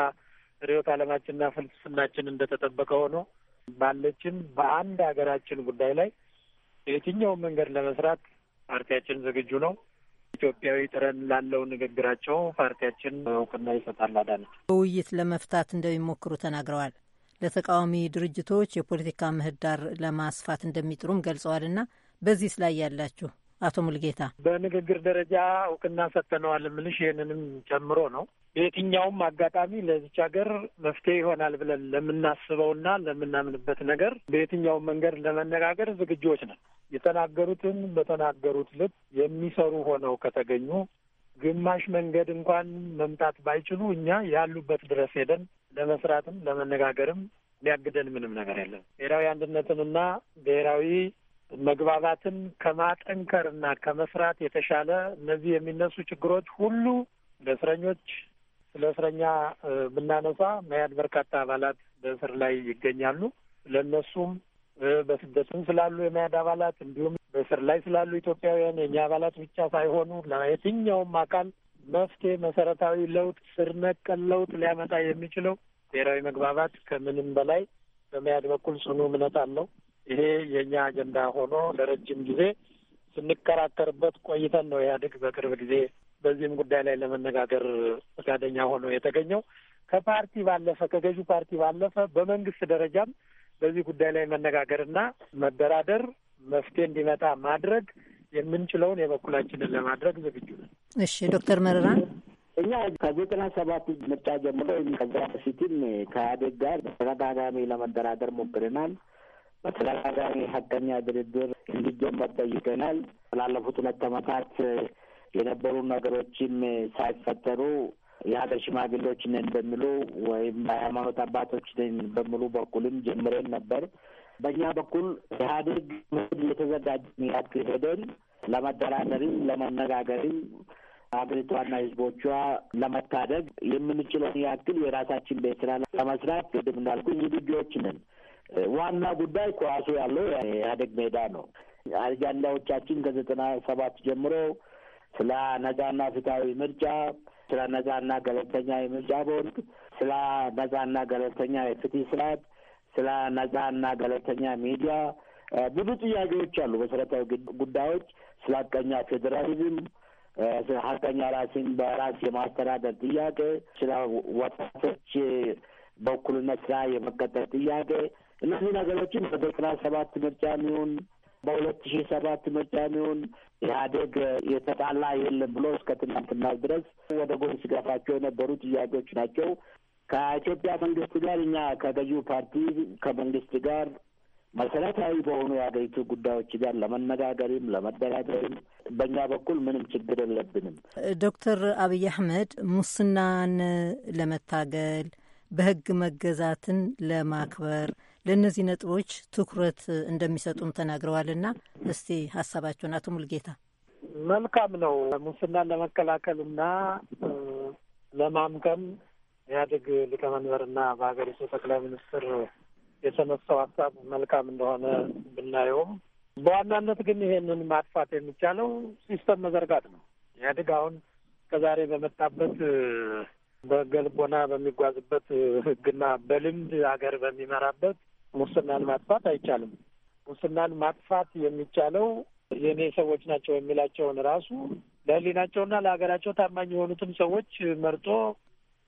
ርዕዮተ ዓለማችንና ፍልስፍናችን እንደተጠበቀ ሆኖ ባለችን በአንድ ሀገራችን ጉዳይ ላይ የትኛውን መንገድ ለመስራት ፓርቲያችን ዝግጁ ነው። ኢትዮጵያዊ ጥረን ላለው ንግግራቸው ፓርቲያችን እውቅና ይሰጣል። አዳነች በውይይት ለመፍታት እንደሚሞክሩ ተናግረዋል። ለተቃዋሚ ድርጅቶች የፖለቲካ ምህዳር ለማስፋት እንደሚጥሩም ገልጸዋልና በዚህ ላይ ያላችሁ አቶ ሙልጌታ በንግግር ደረጃ እውቅና ሰጥተነዋል። ምልሽ ይህንንም ጨምሮ ነው። በየትኛውም አጋጣሚ ለዚች ሀገር መፍትሄ ይሆናል ብለን ለምናስበውና ለምናምንበት ነገር በየትኛውም መንገድ ለመነጋገር ዝግጆች ነን። የተናገሩትን በተናገሩት ልብ የሚሰሩ ሆነው ከተገኙ ግማሽ መንገድ እንኳን መምጣት ባይችሉ እኛ ያሉበት ድረስ ሄደን ለመስራትም ለመነጋገርም ሊያግደን ምንም ነገር የለም። ብሔራዊ አንድነትንና ብሔራዊ መግባባትን ከማጠንከርና ከመስራት የተሻለ እነዚህ የሚነሱ ችግሮች ሁሉ ለእስረኞች ስለ እስረኛ ብናነሳ መያድ በርካታ አባላት በእስር ላይ ይገኛሉ። ለእነሱም በስደትም ስላሉ የመያድ አባላት እንዲሁም በእስር ላይ ስላሉ ኢትዮጵያውያን የእኛ አባላት ብቻ ሳይሆኑ ለየትኛውም አካል መፍትሄ መሰረታዊ ለውጥ ስር ነቀል ለውጥ ሊያመጣ የሚችለው ብሔራዊ መግባባት ከምንም በላይ በመያድ በኩል ጽኑ እምነት አለው። ይሄ የእኛ አጀንዳ ሆኖ ለረጅም ጊዜ ስንከራከርበት ቆይተን ነው ኢህአዴግ በቅርብ ጊዜ በዚህም ጉዳይ ላይ ለመነጋገር ፈቃደኛ ሆኖ የተገኘው። ከፓርቲ ባለፈ ከገዢ ፓርቲ ባለፈ በመንግስት ደረጃም በዚህ ጉዳይ ላይ መነጋገርና መደራደር መፍትሄ እንዲመጣ ማድረግ የምንችለውን የበኩላችንን ለማድረግ ዝግጁ ነን። እሺ ዶክተር መረራ እኛ ከዘጠና ሰባት ምርጫ ጀምሮ ከዛ በፊትም ጋር በተደጋጋሚ ለመደራደር ሞክረናል። በተደጋጋሚ ሀቀኛ ድርድር እንዲጀመር ጠይቀናል። ላለፉት ሁለት ዓመታት የነበሩ ነገሮችም ሳይፈጠሩ የሀገር ሽማግሌዎች ነን በሚሉ ወይም በሃይማኖት አባቶች ነን በሚሉ በኩልም ጀምረን ነበር። በእኛ በኩል ኢህአዴግ ምድ የተዘጋጀ ያክል ሄደን ለመደራደርም ለመነጋገርም ሀገሪቷና ህዝቦቿ ለመታደግ የምንችለውን ያክል የራሳችን ቤት ስራ ለመስራት ቅድም እንዳልኩ ዝግጁዎች ነን። ዋና ጉዳይ ኳሱ ያለው የኢህአዴግ ሜዳ ነው። አጀንዳዎቻችን ከዘጠና ሰባት ጀምሮ ስለ ነጻና ፍትሐዊ ምርጫ ስለ ነጻና ገለልተኛ የምርጫ ቦርድ፣ ስለ ነጻና ገለልተኛ የፍትህ ስርዓት፣ ስለ ነጻና ገለልተኛ ሚዲያ ብዙ ጥያቄዎች አሉ። መሰረታዊ ጉዳዮች ስለ ሀቀኛ ፌዴራሊዝም፣ ስለ ሀቀኛ ራስን በራስ የማስተዳደር ጥያቄ፣ ስለ ወጣቶች በእኩልነት ስራ የመቀጠል ጥያቄ እነዚህ ነገሮችን በዘጠና ሰባት ምርጫ የሚሆን በሁለት ሺህ ሰባት ምርጫ ኢህአዴግ የተጣላ የለም ብሎ እስከ ትናንትና ድረስ ወደ ጎን ሲገፋቸው የነበሩ ጥያቄዎች ናቸው። ከኢትዮጵያ መንግስት ጋር እኛ ከገዢው ፓርቲ ከመንግስት ጋር መሰረታዊ በሆኑ የሀገሪቱ ጉዳዮች ጋር ለመነጋገርም ለመደራደርም በእኛ በኩል ምንም ችግር የለብንም። ዶክተር አብይ አህመድ ሙስናን ለመታገል በህግ መገዛትን ለማክበር ለእነዚህ ነጥቦች ትኩረት እንደሚሰጡም ተናግረዋልና እስቲ ሀሳባቸውን አቶ ሙልጌታ። መልካም ነው። ሙስናን ለመከላከልና ለማምከም ኢህአዴግ ሊቀመንበርና በሀገሪቱ ጠቅላይ ሚኒስትር የተነሳው ሀሳብ መልካም እንደሆነ ብናየውም በዋናነት ግን ይሄንን ማጥፋት የሚቻለው ሲስተም መዘርጋት ነው። ኢህአዴግ አሁን ከዛሬ በመጣበት በህገ ልቦና በሚጓዝበት ህግና በልምድ ሀገር በሚመራበት ሙስናን ማጥፋት አይቻልም። ሙስናን ማጥፋት የሚቻለው የእኔ ሰዎች ናቸው የሚላቸውን ራሱ ለሕሊናቸውና ለሀገራቸው ታማኝ የሆኑትን ሰዎች መርጦ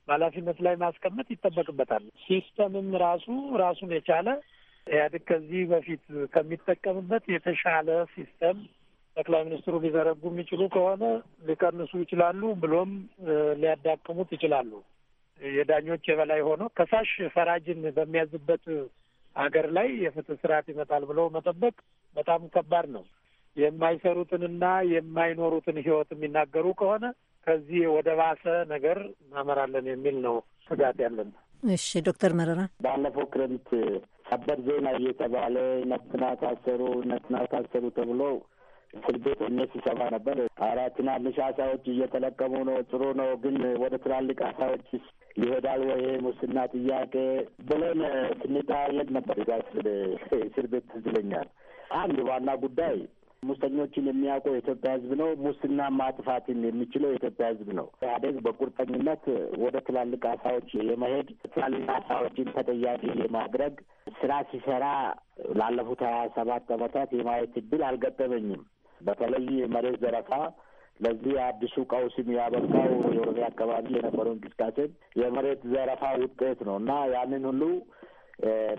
በኃላፊነት ላይ ማስቀመጥ ይጠበቅበታል። ሲስተምም ራሱ ራሱን የቻለ ኢህአዴግ ከዚህ በፊት ከሚጠቀምበት የተሻለ ሲስተም ጠቅላይ ሚኒስትሩ ሊዘረጉ የሚችሉ ከሆነ ሊቀንሱ ይችላሉ፣ ብሎም ሊያዳክሙት ይችላሉ። የዳኞች የበላይ ሆኖ ከሳሽ ፈራጅን በሚያዝበት አገር ላይ የፍትህ ስርዓት ይመጣል ብሎ መጠበቅ በጣም ከባድ ነው። የማይሰሩትንና የማይኖሩትን ህይወት የሚናገሩ ከሆነ ከዚህ ወደ ባሰ ነገር እናመራለን የሚል ነው ስጋት ያለን። እሺ ዶክተር መረራ ባለፈው ክረምት ሰበር ዜና እየተባለ ነትና ታሰሩ ነትና ታሰሩ ተብሎ ፍርድ ቤት እኔ ስሰማ ነበር። አራ ትናንሽ አሳዎች እየተለቀሙ ነው፣ ጥሩ ነው፣ ግን ወደ ትላልቅ አሳዎች ይሄዳል ወይ ሙስና ጥያቄ ብለን ስንጠያየቅ ነበር። ጋር እስር ቤት ትዝ ይለኛል። አንድ ዋና ጉዳይ ሙሰኞችን የሚያውቀው የኢትዮጵያ ሕዝብ ነው። ሙስና ማጥፋትን የሚችለው የኢትዮጵያ ሕዝብ ነው። ኢህአዴግ በቁርጠኝነት ወደ ትላልቅ አሳዎች የመሄድ ትላልቅ አሳዎችን ተጠያቂ የማድረግ ስራ ሲሰራ ላለፉት ሀያ ሰባት አመታት የማየት እድል አልገጠመኝም። በተለይ መሬት ዘረፋ ለዚህ አዲሱ ቀውስም ያበቃው የኦሮሚያ አካባቢ የነበረው እንቅስቃሴ የመሬት ዘረፋ ውጤት ነው እና ያንን ሁሉ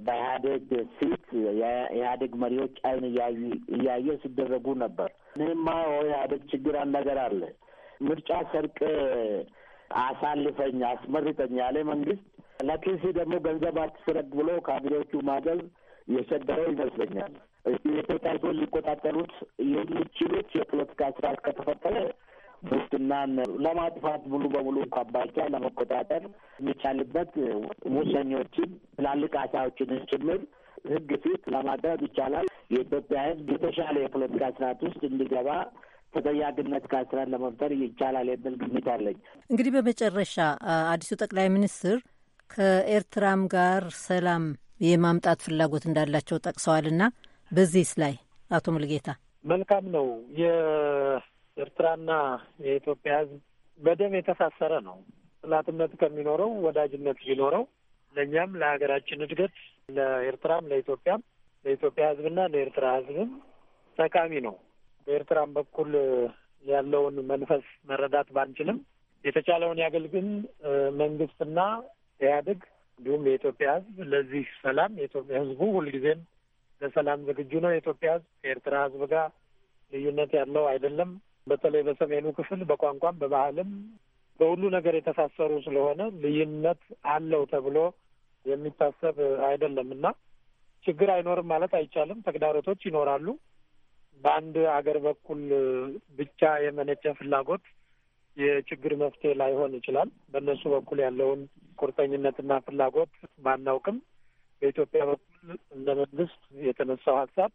በኢህአዴግ ፊት የኢህአዴግ መሪዎች አይን እያየ ሲደረጉ ነበር። እኔማ ኢህአዴግ ችግር አንድ ነገር አለ። ምርጫ ሰርቅ አሳልፈኝ አስመርጠኝ ያለ መንግስት ለኪሲ ደግሞ ገንዘብ አትስረግ ብሎ ካቢኔዎቹ ማገዝ የቸገረው ይመስለኛል። የኢትዮጵያ ሕዝቦች ሊቆጣጠሩት የሚችሉት የፖለቲካ ስርዓት ከተፈጠረ ሙስናን ለማጥፋት ሙሉ በሙሉ ካባቻ ለመቆጣጠር የሚቻልበት ሙሰኞችን፣ ትላልቅ አሳዎችንን ጭምር ህግ ፊት ለማቅረብ ይቻላል። የኢትዮጵያ ህዝብ የተሻለ የፖለቲካ ስርዓት ውስጥ እንዲገባ ተጠያቂነት ከስራን ለመፍጠር ይቻላል የሚል ግምት አለኝ። እንግዲህ በመጨረሻ አዲሱ ጠቅላይ ሚኒስትር ከኤርትራም ጋር ሰላም የማምጣት ፍላጎት እንዳላቸው ጠቅሰዋልና በዚህስ ላይ አቶ ሙልጌታ መልካም ነው። የኤርትራና የኢትዮጵያ ሕዝብ በደም የተሳሰረ ነው። ጥላትነት ከሚኖረው ወዳጅነት ቢኖረው ለእኛም ለሀገራችን እድገት ለኤርትራም ለኢትዮጵያም ለኢትዮጵያ ሕዝብና ለኤርትራ ሕዝብም ጠቃሚ ነው። በኤርትራም በኩል ያለውን መንፈስ መረዳት ባንችልም የተቻለውን ያገልግል መንግስትና ኢህአዴግ እንዲሁም የኢትዮጵያ ሕዝብ ለዚህ ሰላም የኢትዮጵያ ሕዝቡ ሁልጊዜም ለሰላም ዝግጁ ነው። የኢትዮጵያ ሕዝብ ከኤርትራ ሕዝብ ጋር ልዩነት ያለው አይደለም። በተለይ በሰሜኑ ክፍል በቋንቋም በባህልም በሁሉ ነገር የተሳሰሩ ስለሆነ ልዩነት አለው ተብሎ የሚታሰብ አይደለም እና ችግር አይኖርም ማለት አይቻልም። ተግዳሮቶች ይኖራሉ። በአንድ አገር በኩል ብቻ የመነጨ ፍላጎት የችግር መፍትሄ ላይሆን ይችላል። በእነሱ በኩል ያለውን ቁርጠኝነትና ፍላጎት ባናውቅም በኢትዮጵያ በኩል እንደ መንግስት የተነሳው ሀሳብ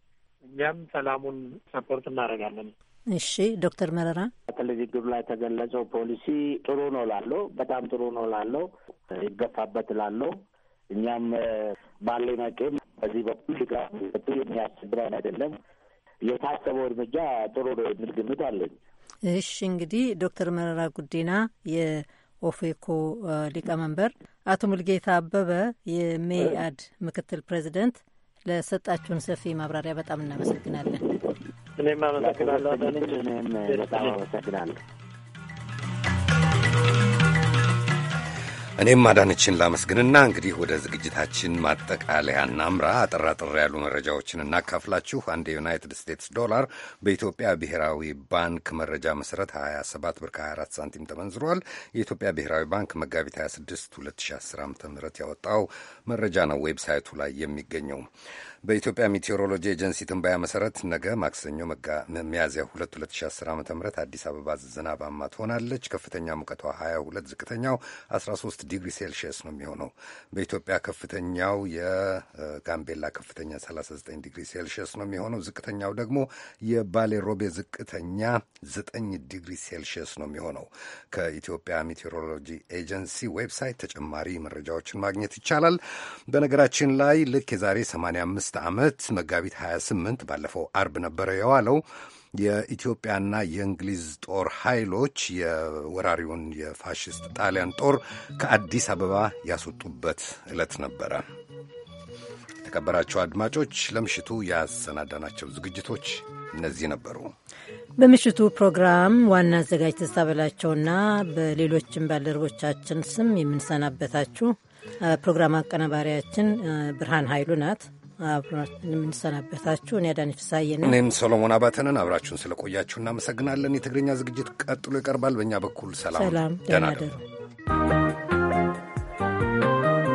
እኛም ሰላሙን ሰፖርት እናደርጋለን። እሺ ዶክተር መረራ በተለይ ግብ ላይ የተገለጸው ፖሊሲ ጥሩ ነው ላለው በጣም ጥሩ ነው ላለው ይገፋበት ላለው እኛም ባለን አቅም በዚህ በኩል ድጋፍ የሚያስብረን አይደለም። የታሰበው እርምጃ ጥሩ ነው የሚል ግምት አለኝ። እሺ እንግዲህ ዶክተር መረራ ጉዲና ኦፌኮ ሊቀመንበር አቶ ሙልጌታ አበበ የሜአድ ምክትል ፕሬዚደንት ለሰጣችሁን ሰፊ ማብራሪያ በጣም እናመሰግናለን። እኔም አመሰግናለሁ። በጣም አመሰግናለሁ። እኔም አዳነችን ላመስግንና እንግዲህ ወደ ዝግጅታችን ማጠቃለያ እናምራ። አጠራጥር ያሉ መረጃዎችን እናካፍላችሁ። አንድ የዩናይትድ ስቴትስ ዶላር በኢትዮጵያ ብሔራዊ ባንክ መረጃ መሰረት 27 ብር ከ24 ሳንቲም ተመንዝሯል። የኢትዮጵያ ብሔራዊ ባንክ መጋቢት 26 2010 ዓ ም ያወጣው መረጃ ነው ዌብሳይቱ ላይ የሚገኘው። በኢትዮጵያ ሜቴሮሎጂ ኤጀንሲ ትንባያ መሰረት ነገ ማክሰኞ ሚያዝያ 2 2010 ዓ ም አዲስ አበባ ዝናባማ ትሆናለች። ከፍተኛ ሙቀቷ 22፣ ዝቅተኛው 13 ዲግሪ ሴልሺየስ ነው የሚሆነው። በኢትዮጵያ ከፍተኛው የጋምቤላ ከፍተኛ 39 ዲግሪ ሴልሺየስ ነው የሚሆነው። ዝቅተኛው ደግሞ የባሌ ሮቤ ዝቅተኛ 9 ዲግሪ ሴልሺየስ ነው የሚሆነው። ከኢትዮጵያ ሜቴሮሎጂ ኤጀንሲ ዌብሳይት ተጨማሪ መረጃዎችን ማግኘት ይቻላል። በነገራችን ላይ ልክ የዛሬ 85 2015 ዓመት መጋቢት 28 ባለፈው አርብ ነበረ የዋለው የኢትዮጵያና የእንግሊዝ ጦር ኃይሎች የወራሪውን የፋሽስት ጣሊያን ጦር ከአዲስ አበባ ያስወጡበት ዕለት ነበረ። የተከበራቸው አድማጮች ለምሽቱ ያሰናዳናቸው ዝግጅቶች እነዚህ ነበሩ። በምሽቱ ፕሮግራም ዋና አዘጋጅ ተስታበላቸውና በሌሎችም ባልደረቦቻችን ስም የምንሰናበታችሁ ፕሮግራም አቀናባሪያችን ብርሃን ኃይሉ ናት። አብራችን የምንሰናበታችሁ እኔ አዳነች ፍስሀዬ ነው። እኔም ሰሎሞን አባተንን አብራችሁን ስለቆያችሁ እናመሰግናለን። የትግርኛ ዝግጅት ቀጥሎ ይቀርባል። በእኛ በኩል ሰላም፣ ሰላም፣ ደህና እደሩ።